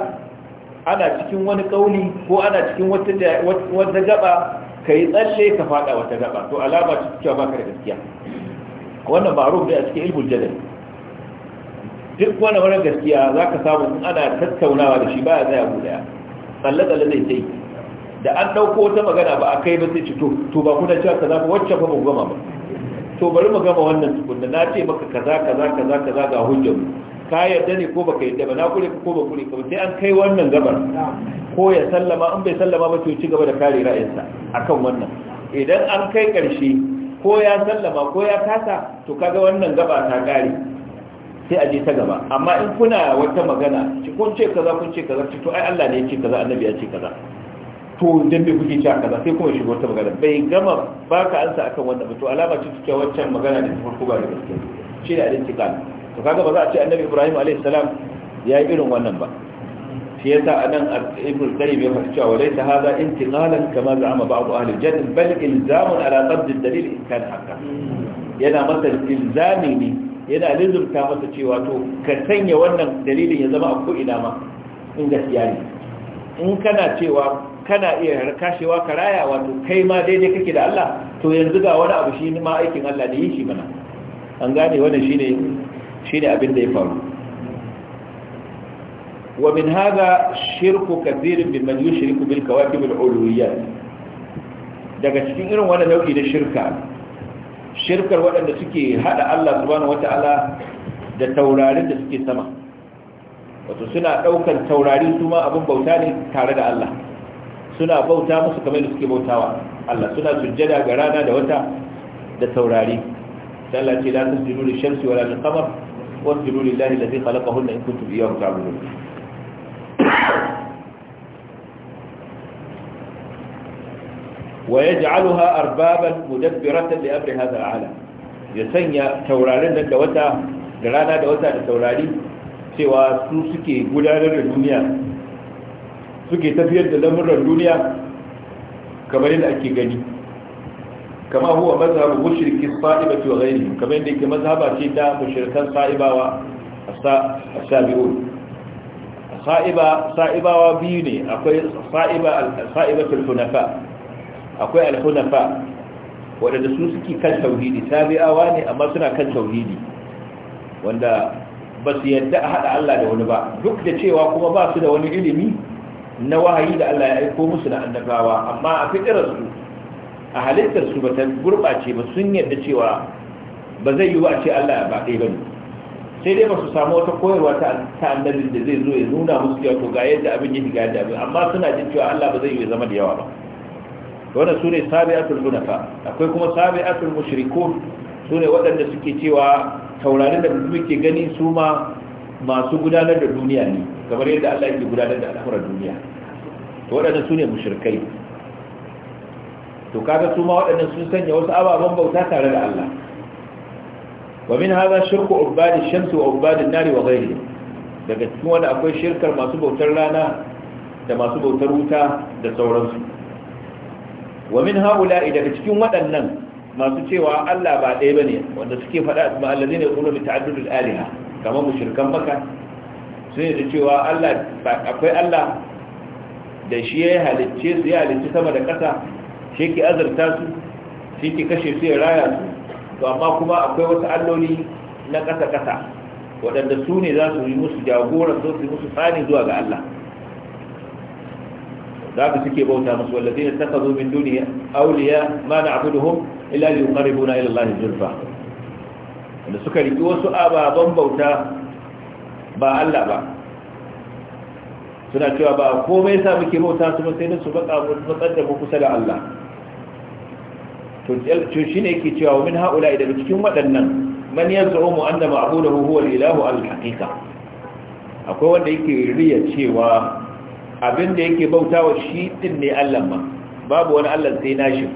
ana cikin wani kauli ko ana cikin wata wata gaba kai tsalle ka fada wata gaba to alama ce cewa baka da gaskiya wannan ma'ruf ne a cikin ilmul jadal duk wani wani gaskiya za ka samu in ana tattaunawa da shi baya zai abu daya tsalle-tsalle zai sai da an ɗauko wata magana ba a kai ba sai ci to ba kuna cewa kaza ba wacce fa mu gama ba to bari mu gama wannan tukunna na ce maka kaza kaza kaza kaza ga hujjar ka yarda ne ko baka yarda ba na kure ko ba kure ba sai an kai wannan gabar ko ya sallama an bai sallama ba to ci gaba da kare ra'ayinsa akan wannan idan an kai karshe ko ya sallama ko ya kasa to kaga wannan gaba ta kare sai a je ta gaba amma in kuna wata magana kun ce kaza kun ce kaza to ai Allah ne ya ce kaza annabi ya ce kaza to dan bai kuke cewa kaza sai kuma shigo wata magana bai gama baka ansa akan wanda ba to alama ce take waccan magana da farko ba da gaske shi da al-intiqal to kaga ba za a ce annabi Ibrahim alaihi salam ya yi irin wannan ba shi yasa anan ibn qayyim ya faɗi cewa laysa hadha intiqalan kama za'ama ba'd ahli al-jannah bal ilzamun ala qadri ad-dalil in kana haqqan yana masa ilzami ne yana lizurta masa cewa to ka sanya wannan dalilin ya zama a ko'ina ma in gaskiya ne in kana cewa kana iya harkashewa ka raya wato kai ma daidai kake da Allah to yanzu ga wani abu shi ma aikin Allah da yi shi mana an gane wannan shi ne abin da ya faru wa min hada shirku kathirin man yushriku bil kawakib al ulawiyat daga cikin irin wannan nau'i na shirka shirkar waɗanda suke haɗa Allah subhanahu wata'ala da taurarin da suke sama wato suna ɗaukar taurari su ma abin bauta ne tare da Allah suna bauta musu kamar da suke bautawa Allah suna sujjada ga rana da wata da taurari sai Allah ce la tasjudu lishamsi wala lilqamar wasjudu lillahi alladhi khalaqahunna in kuntum iyyahu ta'budun ويجعلها أربابا مدبرة لأمر هذا العالم يسنى تورارين لك دوتا جرانا دوتا لتوراري سوى سوسكي قدار الدنيا سوكي تفير لأمر الدنيا كما يلأكي غني كما هو مذهب مشرك الصائبة وغيرهم كما يلأكي مذهب شيدا مشركا صائبة والسابعون صائبة صائبة وبيني أقول صائبة صائبة الحنفاء akwai alhunafa waɗanda su suke kan tauhidi tabi'awa ne amma suna kan tauhidi wanda ba su yadda a haɗa Allah da wani ba duk da cewa kuma ba su da wani ilimi na wahayi da Allah ya aiko musu na annabawa amma a fitirarsu a halittarsu ba ta gurɓace ba sun yadda cewa ba zai yi ba ce Allah ba ɗaya ba sai dai ba su samu wata koyarwa ta annabi da zai zo ya nuna musu cewa to ga yadda abin yake ga yadda abin amma suna jin cewa Allah ba zai yi zama da yawa ba wannan sune sabi'atul munafa akwai kuma sabi'atul mushrikun ne waɗanda suke cewa taurarin da mutum muke gani su ma masu gudanar da duniya ne kamar yadda Allah yake gudanar da al'amuran duniya to waɗannan su ne mushrikai to kaga su ma waɗannan sun sanya wasu ababen bauta tare da Allah wa min hadha shirku ubadi shamsi wa ubadi nari wa ghairihi daga cikin wanda akwai shirkar masu bautar rana da masu bautar wuta da sauransu wa min haula'i cikin waɗannan masu cewa Allah ba ɗaya bane wanda suke faɗa ma allazina yaqulu bi ta'addudil aliha kamar mushrikan maka sun yi cewa Allah akwai Allah da shi ya halicce su ya halicci sama da ƙasa shi ke azurta su shi ke kashe su ya raya su to amma kuma akwai wasu alloli na ƙasa-ƙasa waɗanda su ne za su yi musu jagora su yi musu tsani zuwa ga Allah da haka suke bauta musu wallazina takazu min duniya awliya ma na'buduhum illa liqarribuna ila Allah zulfa da suka riki wasu ababan bauta ba Allah ba suna cewa ba komai sa muke bauta su sai su baka mu matsar da mu kusa da Allah to shi ne ke cewa min haula daga cikin waɗannan man yaz'umu anna ma'buduhu huwa al-ilahu al-haqiqa akwai wanda yake riya cewa abin da yake bautawa shi din ne Allah ma babu wani Allah sai nashi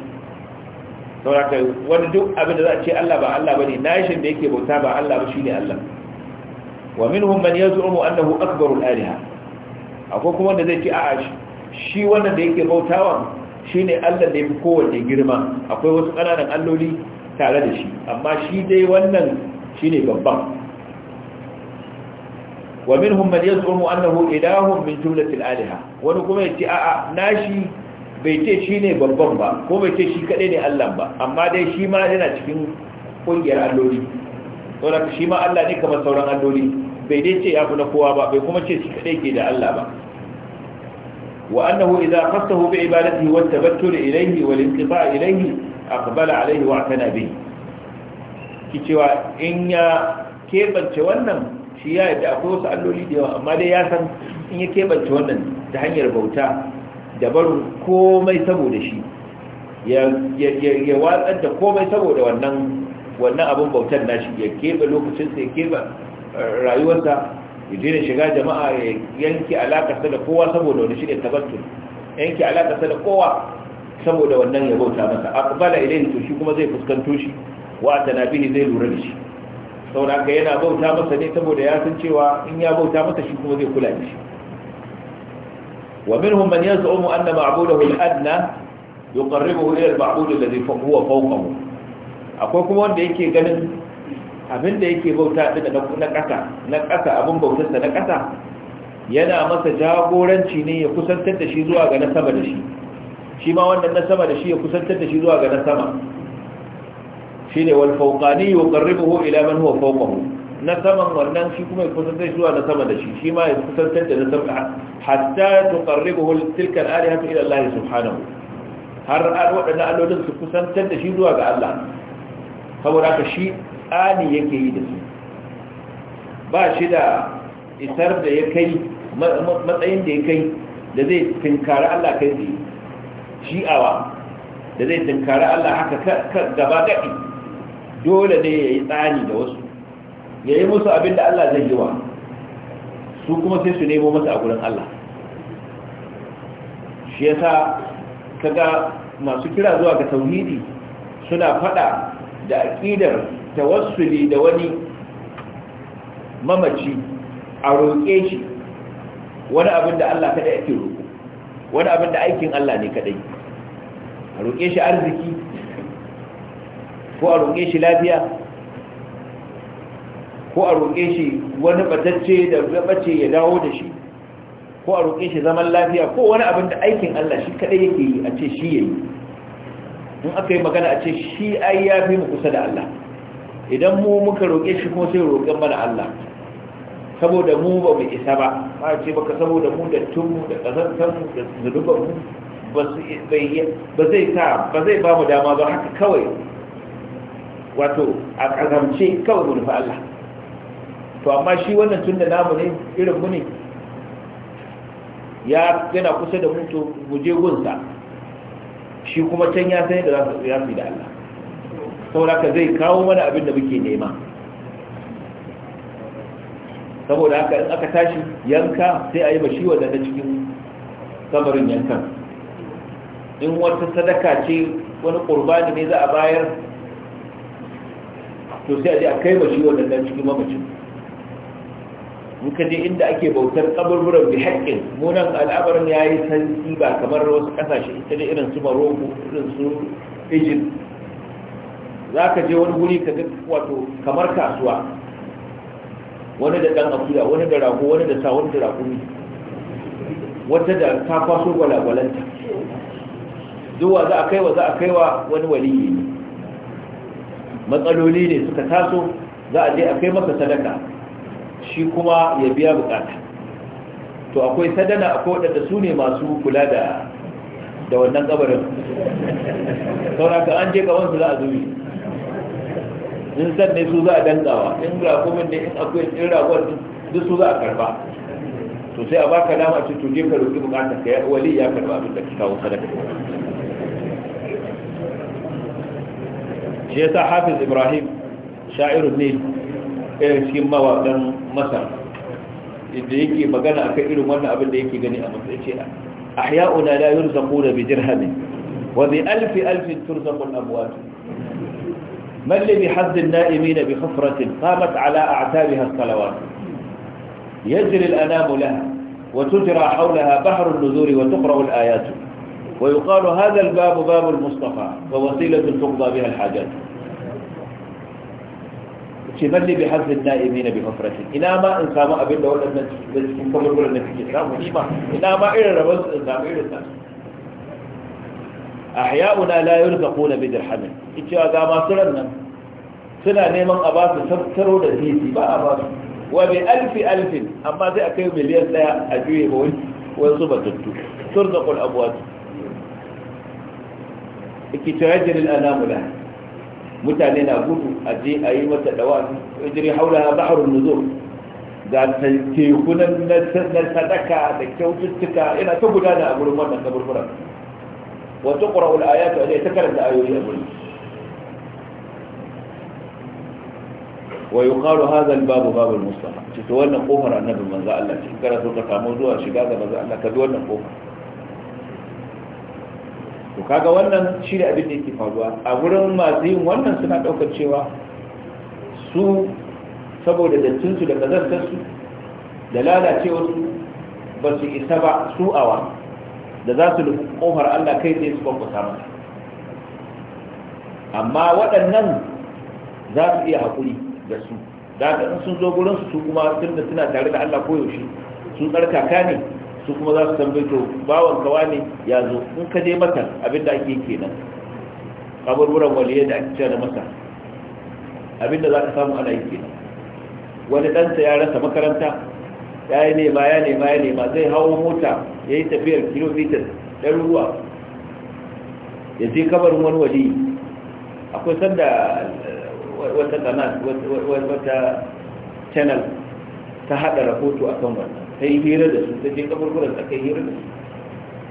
sauraka wani duk abin da za a ce Allah ba Allah bane nashin da yake bauta ba Allah ba shine Allah wa minhum man yaz'umu annahu akbarul aliha akwai kuma wanda zai ce a'a shi wannan da yake bautawa shine Allah da yafi kowanne girma akwai wasu kananan alloli tare da shi amma shi dai wannan shine babban wa minhum man yaz'umu annahu ilahun min jumlatil Aliha. wani kuma ya ce a'a nashi bai ce shi ne babban ba ko bai ce shi kaɗai ne allan ba amma dai shi ma yana cikin ƙungiyar alloli saboda shi ma Allah ne kamar sauran alloli bai dai ce ya fi na kowa ba bai kuma ce shi kadai ke da Allah ba wa annahu idza qassahu bi ibadatihi wa tabattul ilayhi wal inqifa ilayhi aqbala alayhi wa atana bihi kicewa in ya kebance wannan shi ya yadda akwai wasu alloli da yawa amma dai ya san in ya kebance wannan ta hanyar bauta da barin komai saboda shi ya watsar da komai saboda wannan wannan abin bautar nashi ya keɓe lokacinsa ya keɓe eh, rayuwarsa ya jina shiga jama'a ya yanki alakarsa da kowa saboda wani shirya tabbatun yanki alakarsa da kowa saboda wannan ya bauta masa a akbala ilai to shi kuma zai fuskanto shi wa ne zai lura da shi saboda yana bauta masa ne saboda ya san cewa in ya bauta masa shi kuma zai kula da shi wa minhum man yaz'umu anna ma'budahu al-adna yuqarribuhu ila al-ma'bud alladhi huwa fawqahu akwai kuma wanda yake ganin abin da yake bauta din na kasa na kasa abin bautar sa na kasa yana masa jagoranci ne ya kusantar da shi zuwa ga na sama da shi shi ma wannan na sama da shi ya kusantar da shi zuwa ga na sama shine wal fawqani yuqarribuhu ila man huwa fawqahu na saman wannan shi kuma ya kusantar zuwa na sama da shi shi ma ya kusantar da na sama hatta tuqarribuhu tilka al-alihatu ila Allah subhanahu har waɗannan allolin su kusantar da shi zuwa ga Allah saboda haka shi tsani yake yi da su ba shi da isar da ya kai matsayin da ya kai da zai tunkari Allah kai tsaye shi'awa da zai tunkari Allah haka gaba gaɗi dole ne ya yi tsani da wasu ya yi musu abin da Allah zai yi wa su kuma sai su nemo masa a gurin Allah shi yasa kaga masu kira zuwa ga tauhidi suna fada da aqidar tawassuli da wani mamaci a roƙe shi wani abin da Allah kada yake roƙo wani abin da aikin Allah ne kadai a roƙe shi arziki ko a roƙe shi lafiya ko a roƙe shi wani batacce da gabace ya dawo da shi ko a roƙe shi zaman lafiya ko wani abin da aikin Allah shi kaɗai yake yi a ce shi ya yi in aka yi magana a ce shi ai ya fi mu kusa da Allah idan mu muka roƙe shi kuma sai roƙen mana Allah saboda mu ba mu isa ba ba ce baka saboda mu da mu da mu da zunubanmu ba zai ba mu dama ba haka kawai wato a kazance kawai mu nufi Allah to amma shi wannan tun da namu ne irin mu ne ya yana kusa da mutu guje gunsa shi kuma can ya sani da za su yi da Allah saboda ka zai kawo mana abin da muke nema saboda haka in aka tashi yanka sai a yi bashi wa na cikin kamarin yankan in wata sadaka ce wani kurbani ne za a bayar to sai a je a kai ma shi wannan cikin mamacin in ka je inda ake bautar kaburburan bi haƙƙin munan al'amarin ya yi santi ba kamar wasu ƙasashe ita ne irin su maroko irin su egypt za ka je wani wuri ka ga wato kamar kasuwa wani da ɗan akuya wani da rago wani da sa wani da rakumi wata da ta kwaso gwalagwalanta zuwa za a kai wa za a kai wa wani waliyi ne matsaloli ne suka taso za a je a kai masa sadaka shi kuma ya biya bukata to akwai sadana akwai waɗanda su ne masu kula da da wannan kabarin sauraka an je gabansu za a zubi in san ne su za a dangawa in rakumin ne in akwai in rakuwar duk su za a karba to sai a baka dama ce to je ka roƙi bukatar ka wali ya karba abin da ka kawo sadaka shi yasa hafiz ibrahim sha'irun ne irin cikin mawaƙan masar inda yake magana akan irin wannan abin da yake gani a matsayin ce ahya'una la yurzaquna bi dirhamin wa bi alfi alfin turzaqu al-amwat من لبحظ النائمين بخفرة قامت على أعتابها الصلوات يجري الأنام لها وتجرى حولها بحر النذور وتقرأ الآيات ويقال هذا الباب باب المصطفى ووسيلة تقضى بها الحاجات تملي بحذف النائمين بحفرة إنا ما إن سامع أبدا ولا نتكلم ولا نتكلم إنا ما إلى ربز إنا ما إلى أحياؤنا لا يرزقون بدرهم إتشا ما سرنا سنة نيمان أباس سبتروا لذيذي با أباس وبألف ألف أما ذي أكيو مليون لا أجوه وين ويصبت ترزق الأبوات yake cewa yajril anamu la mutane na gudu a je a yi mata dawafi yajri haula bahrun nuzur ga tekunan na sadaka da kyaututtuka yana ta gudana a gurin wannan kaburburan wato ƙura'ul ayatu a ta karanta ayoyi a gurin wa yi ƙaru hazan babu babu mustafa ce ta wannan ƙofar annabin manza Allah ce kara so ka samu zuwa shiga ga manza, Allah ka bi wannan ƙofar to kaga wannan shi da abin da yake faruwa a wurin masu yin wannan suna ɗaukar cewa su saboda dattinsu da kazantarsu da lalacewarsu ba su isa ba su awa da za su nufi ƙofar allah kai tsaye su kwakwata mata amma waɗannan za su iya haƙuri da su da sun zo gurinsu su kuma tun da suna tare da allah koyaushe sun tsarkaka ne su kuma za su tambaye to bawan kawa ne ya zo in ka je mata abinda ake kenan kaburburan wani yadda ake cewa da mata abinda za ka samu ana yi kenan wani ɗansa ya rasa makaranta ya yi nema ya nema ya nema zai hawo mota ya yi tafiyar kilomitar ɗan ruwa ya je kabar wani wali akwai sanda eh, wata canal ta haɗa rahoto a kan wannan ta yi hira da su ta je kaburburan ta kai hira da su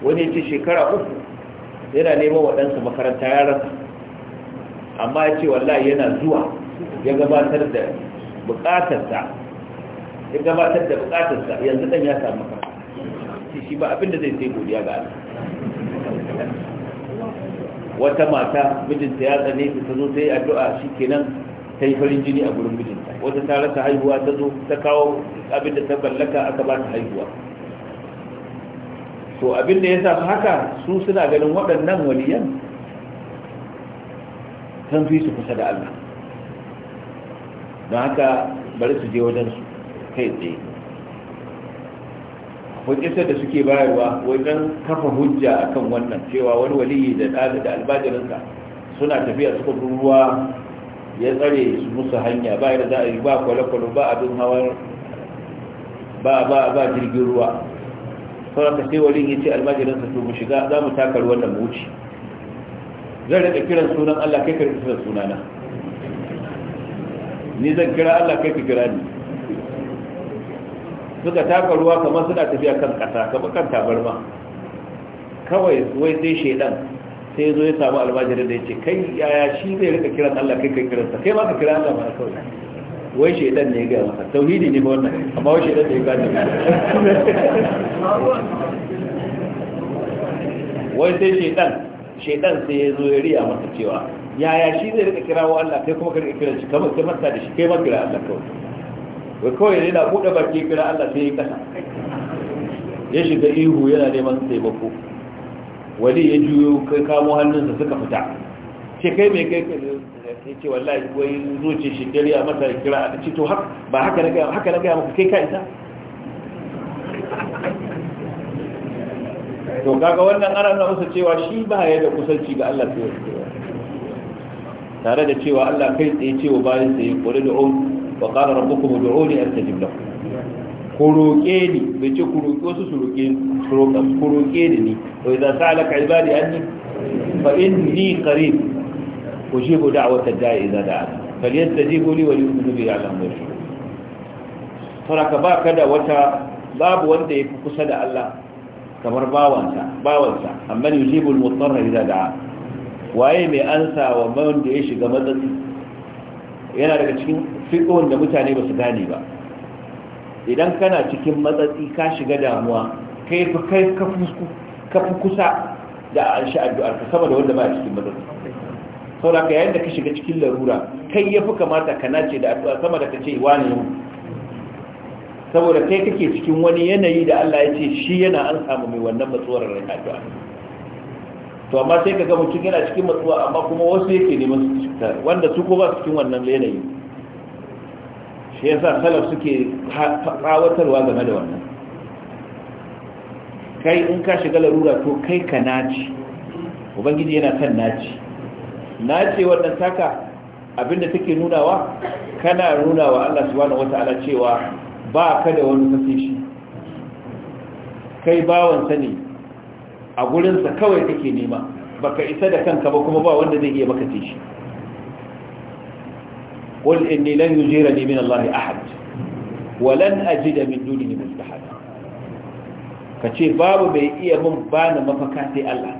wani ce shekara uku yana neman waɗansa makaranta ya rasa amma ya ce wallahi yana zuwa ya gabatar da bukatarsa ya gabatar da bukatarsa yanzu ɗan ya samu makaranta shi ba abinda zai sai godiya ga ala wata mata mijinta ya tsane ta zo ta yi addu'a shi kenan ta yi farin jini a gurin mijinta wata ta rasa haihuwa ta zo ta kawo abin da ta ballaka aka ba ta haihuwa to abin da ya sa haka su suna ganin waɗannan waliyan sun fi su kusa da Allah don haka bari su je wajen su kai tsaye akwai kisar da suke bayarwa wajen kafa hujja akan wannan cewa wani waliyi da ɗaga da albajirinsa suna tafiya suka ruwa ya tsare musu hanya ba yadda za a yi ba kwale-kwale ba abin hawa ba ba ba jirgin ruwa sauraka sai walin ya ce almajiransa to mu shiga za mu takar wannan mu wuce zan rika kiran sunan Allah kai ka rika kiran sunana ni zan kira Allah kai ka kira ni suka taka ruwa kamar suna tafiya kan kasa kamar kan tabarma kawai wai sai shaidan sai zo ya samu albajirin da ya ce kai yaya shi zai rika kiran Allah kai kai kiransa kai ba ka kira Allah ba kawai wai shaidan ne ya gaya masa tauhidi ne ba wannan amma wai shaidan ne ya gaya wai sai shaidan shaidan sai ya zo ya riya masa cewa yaya shi zai rika kira wa Allah kai kuma ka rika kiran shi kai masa da shi kai ma kira Allah kawai wai kawai da buɗe baki kira Allah sai ya kasa ya shiga ihu yana neman taimako wali ya juyo kai kamo hannunsa suka fita ce kai mai kai ya ce wallahi wai zuce shi dare a masa kira a ce to ba haka na gaya maka kai ka ta to kaga wannan ana nuna masa cewa shi ba ya da kusanci ga Allah sai tare da cewa Allah kai tsaye cewa bayan sai kore da on wa qala rabbukum ud'uni astajib lakum ku roƙe ni bai ce ku roƙe wasu su roƙe ku roƙe ni ne wai za sa alaka ibadi anni fa inni qarib ujibu da'wata da'i idza da'a falyastajibu li wa yu'minu bi ya'lamu saraka ba kada wata babu wanda ya fi kusa da Allah kamar bawansa bawansa amma yujibul mutarra idza da'a waye mai ansa wa man da ya shiga matsatsi yana daga cikin fiqhun da mutane ba su gane ba idan kana cikin matsatsi ka shiga damuwa kai fa kai ka fi kusa da an sha addu'ar ka sama da wanda ba a cikin matsatsi saboda ka yayin da ka shiga cikin larura kai ya fi kamata ka nace da addu'a sama da ka ce wani yau saboda kai kake cikin wani yanayi da Allah ya ce shi yana an samu mai wannan matsuwar rai addu'a to amma sai ka ga mutum yana cikin matsuwa amma kuma wasu yake neman su cutar wanda su ko ba su cikin wannan yanayi shi yasa salaf suke tsawatarwa game da wannan kai in ka shiga larura to kai ka naci ubangiji yana kan naci naci wannan taka abinda take nunawa kana nunawa Allah subhanahu wataala cewa ba ka da wani kace shi kai bawan sani a gurinsa kawai take nema baka isa da kanka ba kuma ba wanda zai iya maka tishi qul inni lan yujirani min Allah ahad wa lan ajida min dunihi mustahada kace babu bai iya mun bani mafaka sai Allah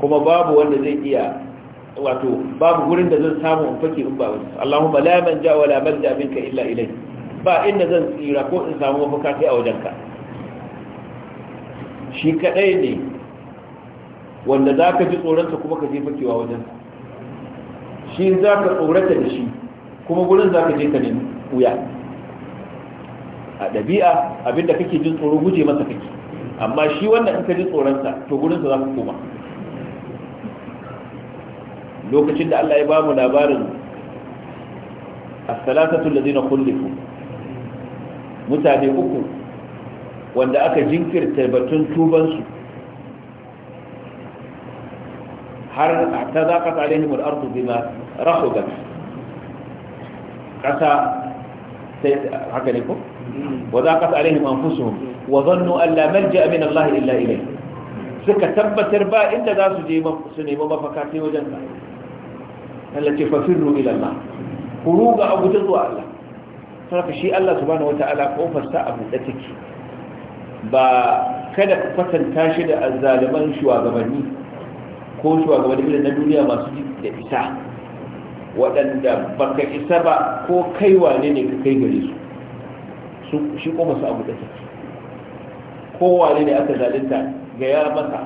kuma babu wanda zai iya wato babu gurin da zan samu in fake in ba wani Allahumma la man ja wala man ja minka illa ilayk ba inda zan tsira ko in samu mafaka sai a wajenka shi kadai ne wanda zaka ji tsoron sa kuma ka je fakewa wajen shi zaka tsorata da shi kuma gurin za ka je ka nemi wuya a ɗabi'a abinda kake jin tsoro guje masa kake amma shi wannan in ka ji tsoronsa to gurinsa za ka koma lokacin da Allah ya bamu labarin as-salatatu allazina khulifu mutane uku wanda aka jinkirta batun tubansu har ta zaqat alaihim al-ardu bima rahubat kasa sai haka ne ko wa za ka an anfusuhum wa dhannu an la malja min Allah illa ilai. suka tabbatar ba inda za su je su nemi mafaka sai wajen ka Allah ce fafirru ila Allah ku ruga abu ta zuwa Allah saboda shi Allah subhanahu wataala kofar sa abu da take ba kada ku kwatanta shi da azzaliman shugabanni ko shugabanni na duniya masu da isa waɗanda baka isa ba ko kai wane ne ka kai gare su shi ko masu abu da take ko wane ne aka zalunta ga ya masa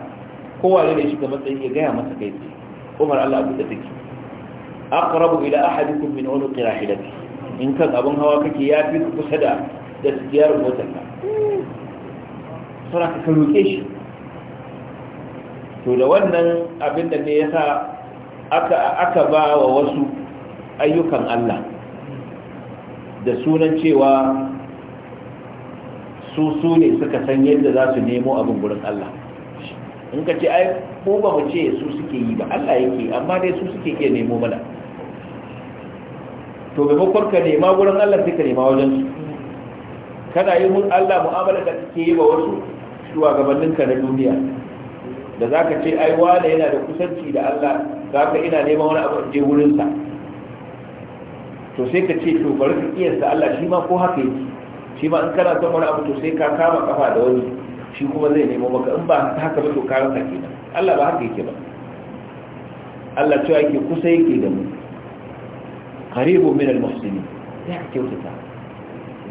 ko wane ne shiga matsayi, ya gaya masa kai tsaye umar Allah abu da take aqrabu ila ahadikum min unuqi rahilati in kan abin hawa kake ya fi kusa da da siyar motar ka sura ka roke shi to da wannan abin da ne yasa aka aka ba wa wasu ayyukan Allah da sunan cewa su su ne suka san yadda za su nemo abin gurin Allah in ka ce ai ko ba mu ce su suke yi ba Allah yake amma dai su suke iya nemo mana to maimakon ka nema gurin Allah sai ka nema wajen su kana yi mun Allah mu'amala da take yi wa wasu shugabanninka na duniya da za ka ce ai wane yana da kusanci da Allah za ka ina neman wani abu je wurinsa to sai ka ce to bari ka kiyasta Allah shi ma ko haka yake shi ma in kana son wani abu to sai ka kama kafa da wani shi kuma zai nemo maka in ba haka ba to ka rasa kenan Allah ba haka yake ba Allah cewa yake kusa yake da mu qaribun min al-muhsinin ya kyautata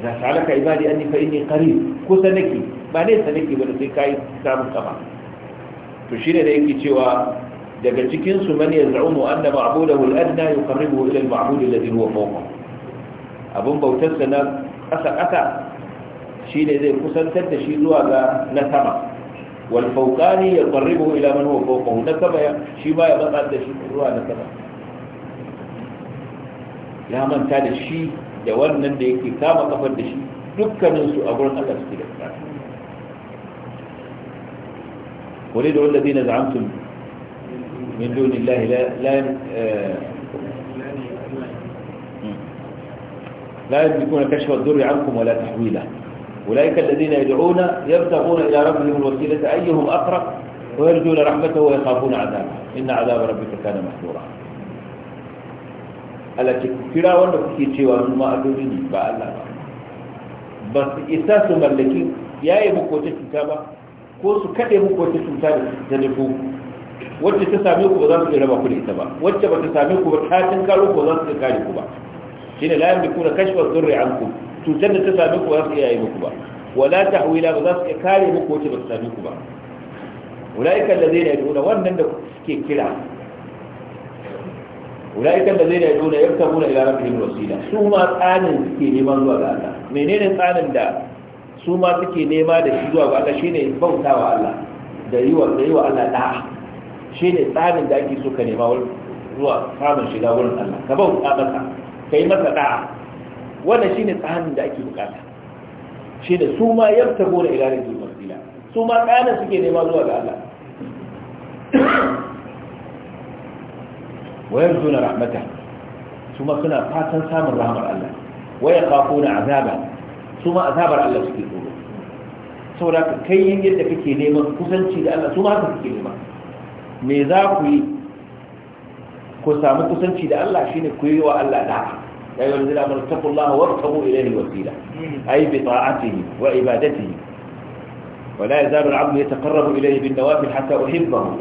idza sa'alaka ibadi anni fa inni qarib kusa nake ba ne sa nake ba da sai kai samun kafa to shine da yake cewa daga cikin su man yaz'umu anna ma'budahu al-adna yuqarribuhu ila al-ma'bud alladhi huwa fawqa abun bautar sa na kasa kasa shine zai kusantar da shi zuwa ga na sama wal fawqani yuqarribuhu ila man huwa fawqahu na sama shi ba ya matsa da shi zuwa na sama ya manta da shi da wannan da yake kama kafar da shi dukkaninsu a gurin Allah suke da bukatu قل ادعوا الذين زعمتم من دون الله لا لا آه. لا يملكون كشف الضر عنكم ولا تحويله أولئك الذين يدعون يبتغون إلى ربهم الوسيلة أيهم أقرب ويرجون رحمته ويخافون عذابه إن عذاب ربك كان محذورا التي كيرا وانا كي تشيوا ما أدوني با الله بس اساس ملكي يا ابو ya yi ko su kaɗe muku wata cuta da ta nufo wacce ta same ku ba za su iya raba ku da ita ba wacce ba ta same ku ba ta cin karo ku ba za su iya kare ku ba shi ne layan da kuna kashfa zurri an ku cutar da ta same ku ba za su iya yi muku ba wala ta hawila ba za su iya kare muku wacce ba ta same ku ba ula'ikan da zai na yadda wannan da suke kira ula'ikan da zai na yadda yadda muna ila rabbihim wasila su ma tsanin suke neman zuwa ga Allah menene tsanin da su ma suke nema da shi zuwa ga Allah shine bautawa Allah da yi wa da yi wa Allah da'a shine tsarin da ake so ka nema zuwa samun shiga wurin Allah ka bauta masa kai masa da'a wannan shine tsarin da ake bukata shine su ma yabtabo da ilahin zulmasila su ma tsarin suke nema zuwa ga Allah ويرجون رحمته ثم كنا فاتن سامر رحمة الله ويخافون عذابه su ma azabar Allah suke tsoro saboda ka kai yadda kake neman kusanci da Allah su ma haka kake nema me za ku yi ku samu kusanci da Allah shine ku yi wa Allah da'a ya yi wanda amara taqullaha wa tabu ilayhi wasila ay bi ta'atihi wa ibadatihi wa la yazalu al-'abdu yataqarrabu ilayhi bin nawafil hatta uhibbahu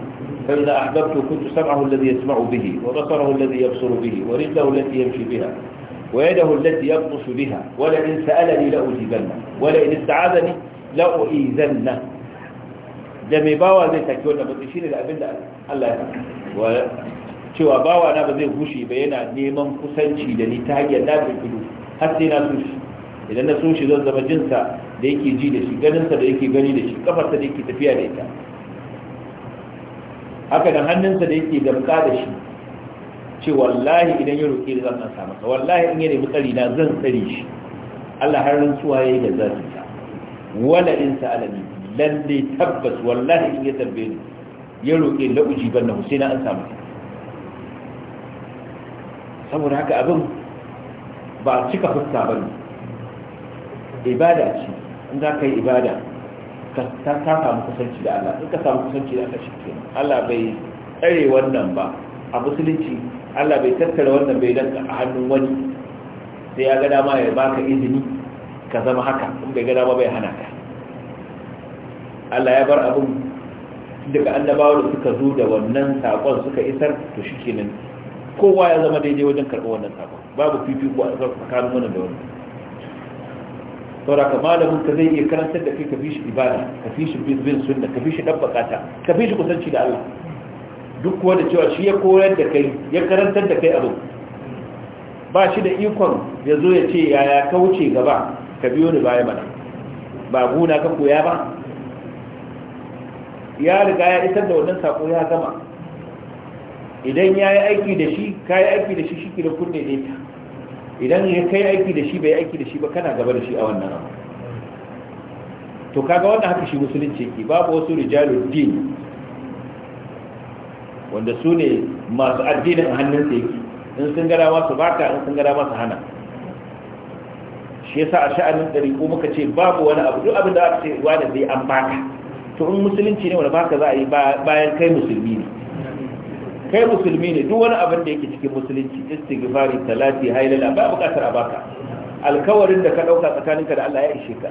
فإذا أحببت كنت سمعه الذي يسمع به وبصره الذي يبصر به ورجله التي يمشي بها ويده التي يبطش بها ولئن سألني لأجيبنه ولئن استعاذني لأؤيذنه da mai bawa zai take wannan matsayi shine da abin da Allah ya faɗa cewa bawa na ba zai gushe ba yana neman kusanci da ni ta hanyar na fito har sai na so idan na so zan zama jinsa da yake ji da shi ganinsa da yake gani da shi da yake tafiya da ita haka da hannunsa da yake damka da shi ce wallahi idan ya roƙe da zan sa masa wallahi in ya nemi tsari na zan tsari shi Allah har rantsuwa yayi da zan ta wala in sa'alani lalle tabbas wallahi in ya tabbe ni ya roƙe la ujiban na husaina an samu saboda haka abin ba cika fuska ne ibada ce in za ka yi ibada ka samu kusanci da Allah in ka samu kusanci da Allah shi ke Allah bai tsare wannan ba a musulunci Allah bai tattara wannan bai danka a hannun wani sai ya ga dama ya baka izini ka zama haka in bai ga dama bai hana ka Allah ya bar abin daga annabawa da suka zo da wannan sakon suka isar to shikenan kowa ya zama daidai wajen karɓar wannan sakon babu fifiko a tsakanin wannan da wannan saura ka malamin ka zai iya karantar da kai ka fi shi ibada ka fi shi bin sunna ka fi shi dabbaka ta ka fi shi kusanci da Allah duk kuwa da cewa shi ya koyar da kai ya karantar da kai abu ba shi da ikon ya zo ya ce yaya ka wuce gaba ka biyo ni baya mana ba guna ka koya ba ya riga ya isar da wannan sako ya gama idan ya yi aiki da shi ka yi aiki da shi shi ki da kunne ne ta idan ya kai aiki da shi bai aiki da shi ba kana gaba da shi a wannan abu to kaga wannan haka shi musulunci ke, babu wasu rijalul din wanda su ne masu addinin a hannunsa yake in sun gara masu baka in sun gara masu hana shi yasa a sha'anin ɗari ko muka ce babu wani abu duk abin da aka ce wani zai an baka to in musulunci ne wani baka za a yi bayan kai musulmi ne kai musulmi ne duk wani abin da yake cikin musulunci istighfari talati hailala ba bukatar a baka alkawarin da ka dauka tsakaninka da Allah ya ishe ka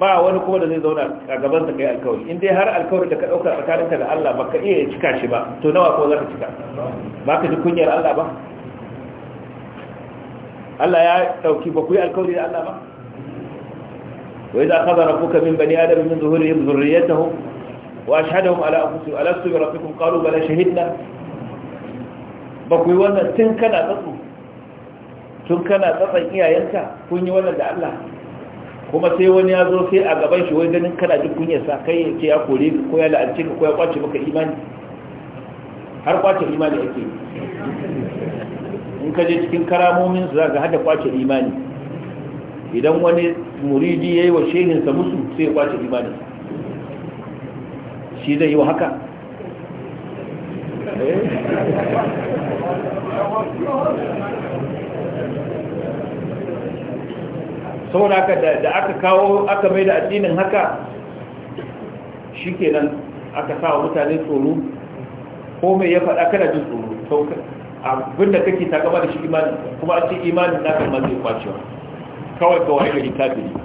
ba wani kuma da zai zauna a gaban sa kai alkawari in dai har alkawari da ka dauka tsakaninka da Allah baka iya cika shi ba to nawa ko zaka cika baka ji kunyar Allah ba Allah ya dauki ba ku yi alkawari da Allah ba wa idza akhadha rabbuka min bani adam min zuhurihim dhurriyyatahum wa ashhadahum ala anfusihim alastu bi rabbikum qalu bala shahidna ba ku yi wannan tun kana tsatsu tun kana tsatsan iyayenka kun yi wannan da Allah kuma sai wani ya zo sai a gaban shi wai ganin kana duk kunya sa kai ya ce ya kore ko ya la'ance ko ya kwace maka imani har kwace imani ake in ka je cikin karamomin su zaka hada kwace imani idan wani muridi yayi wa shehin sa musu sai ya kwace imani shi zai yi wa haka eh? saboda haka da aka kawo aka mai da addinin haka shi kenan aka sa wa mutane tsoro ko mai ya faɗa kada jin tsoro abinda kake ta gaba da shi imanin kuma an ce imanin na kan mazai kwacewa kawai kawai gari kafiri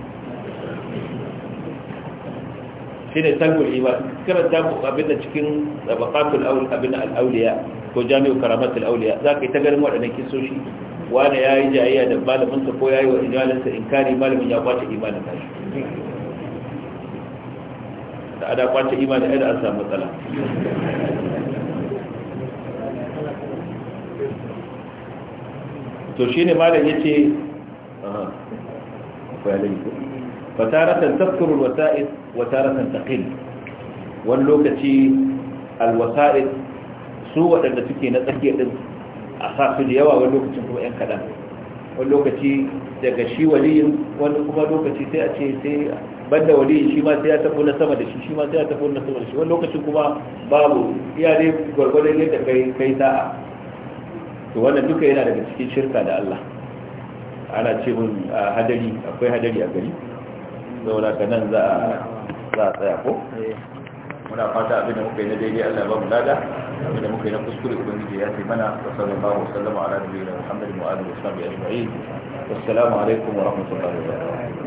shi ne talgul iman karanta abin da cikin zabakatul abin al'auliya ko jami'u karamatul auliya za ka yi ta ganin waɗannan kisoshi wane ya yi jayayya da malaminsa ko ya yi wa ijalinsa inkari malamin ya kwace imanin shi da ada kwace imanin ya da an samu matsala to shi ne malam ya ce fataratan tafkuru wasa'id taratan taqil wani lokaci alwasa'id su waɗanda suke na tsakiya din a sa su da yawa wani lokacin kuma yan kaɗan wani lokaci daga shi waliyin wani kuma lokaci sai a ce sai banda waliyin shi ma sai ya tafi na sama da shi shi ma sai ya tafi na sama da shi wani lokacin kuma babu iya dai gwargwadon yadda kai kai sa'a to wannan duka yana daga cikin shirka da Allah ana ce mun hadari akwai hadari a gari zaura ka nan za a tsaya ko eh. muna fata abin da muka yi na daidai Allah ba mu lada abin da muka yi na kuskure ubangiji ya ce mana wa sallallahu wa sallama ala nabiyina Muhammad wa alihi wa sahbihi ajma'in wassalamu alaikum wa rahmatullahi wa barakatuh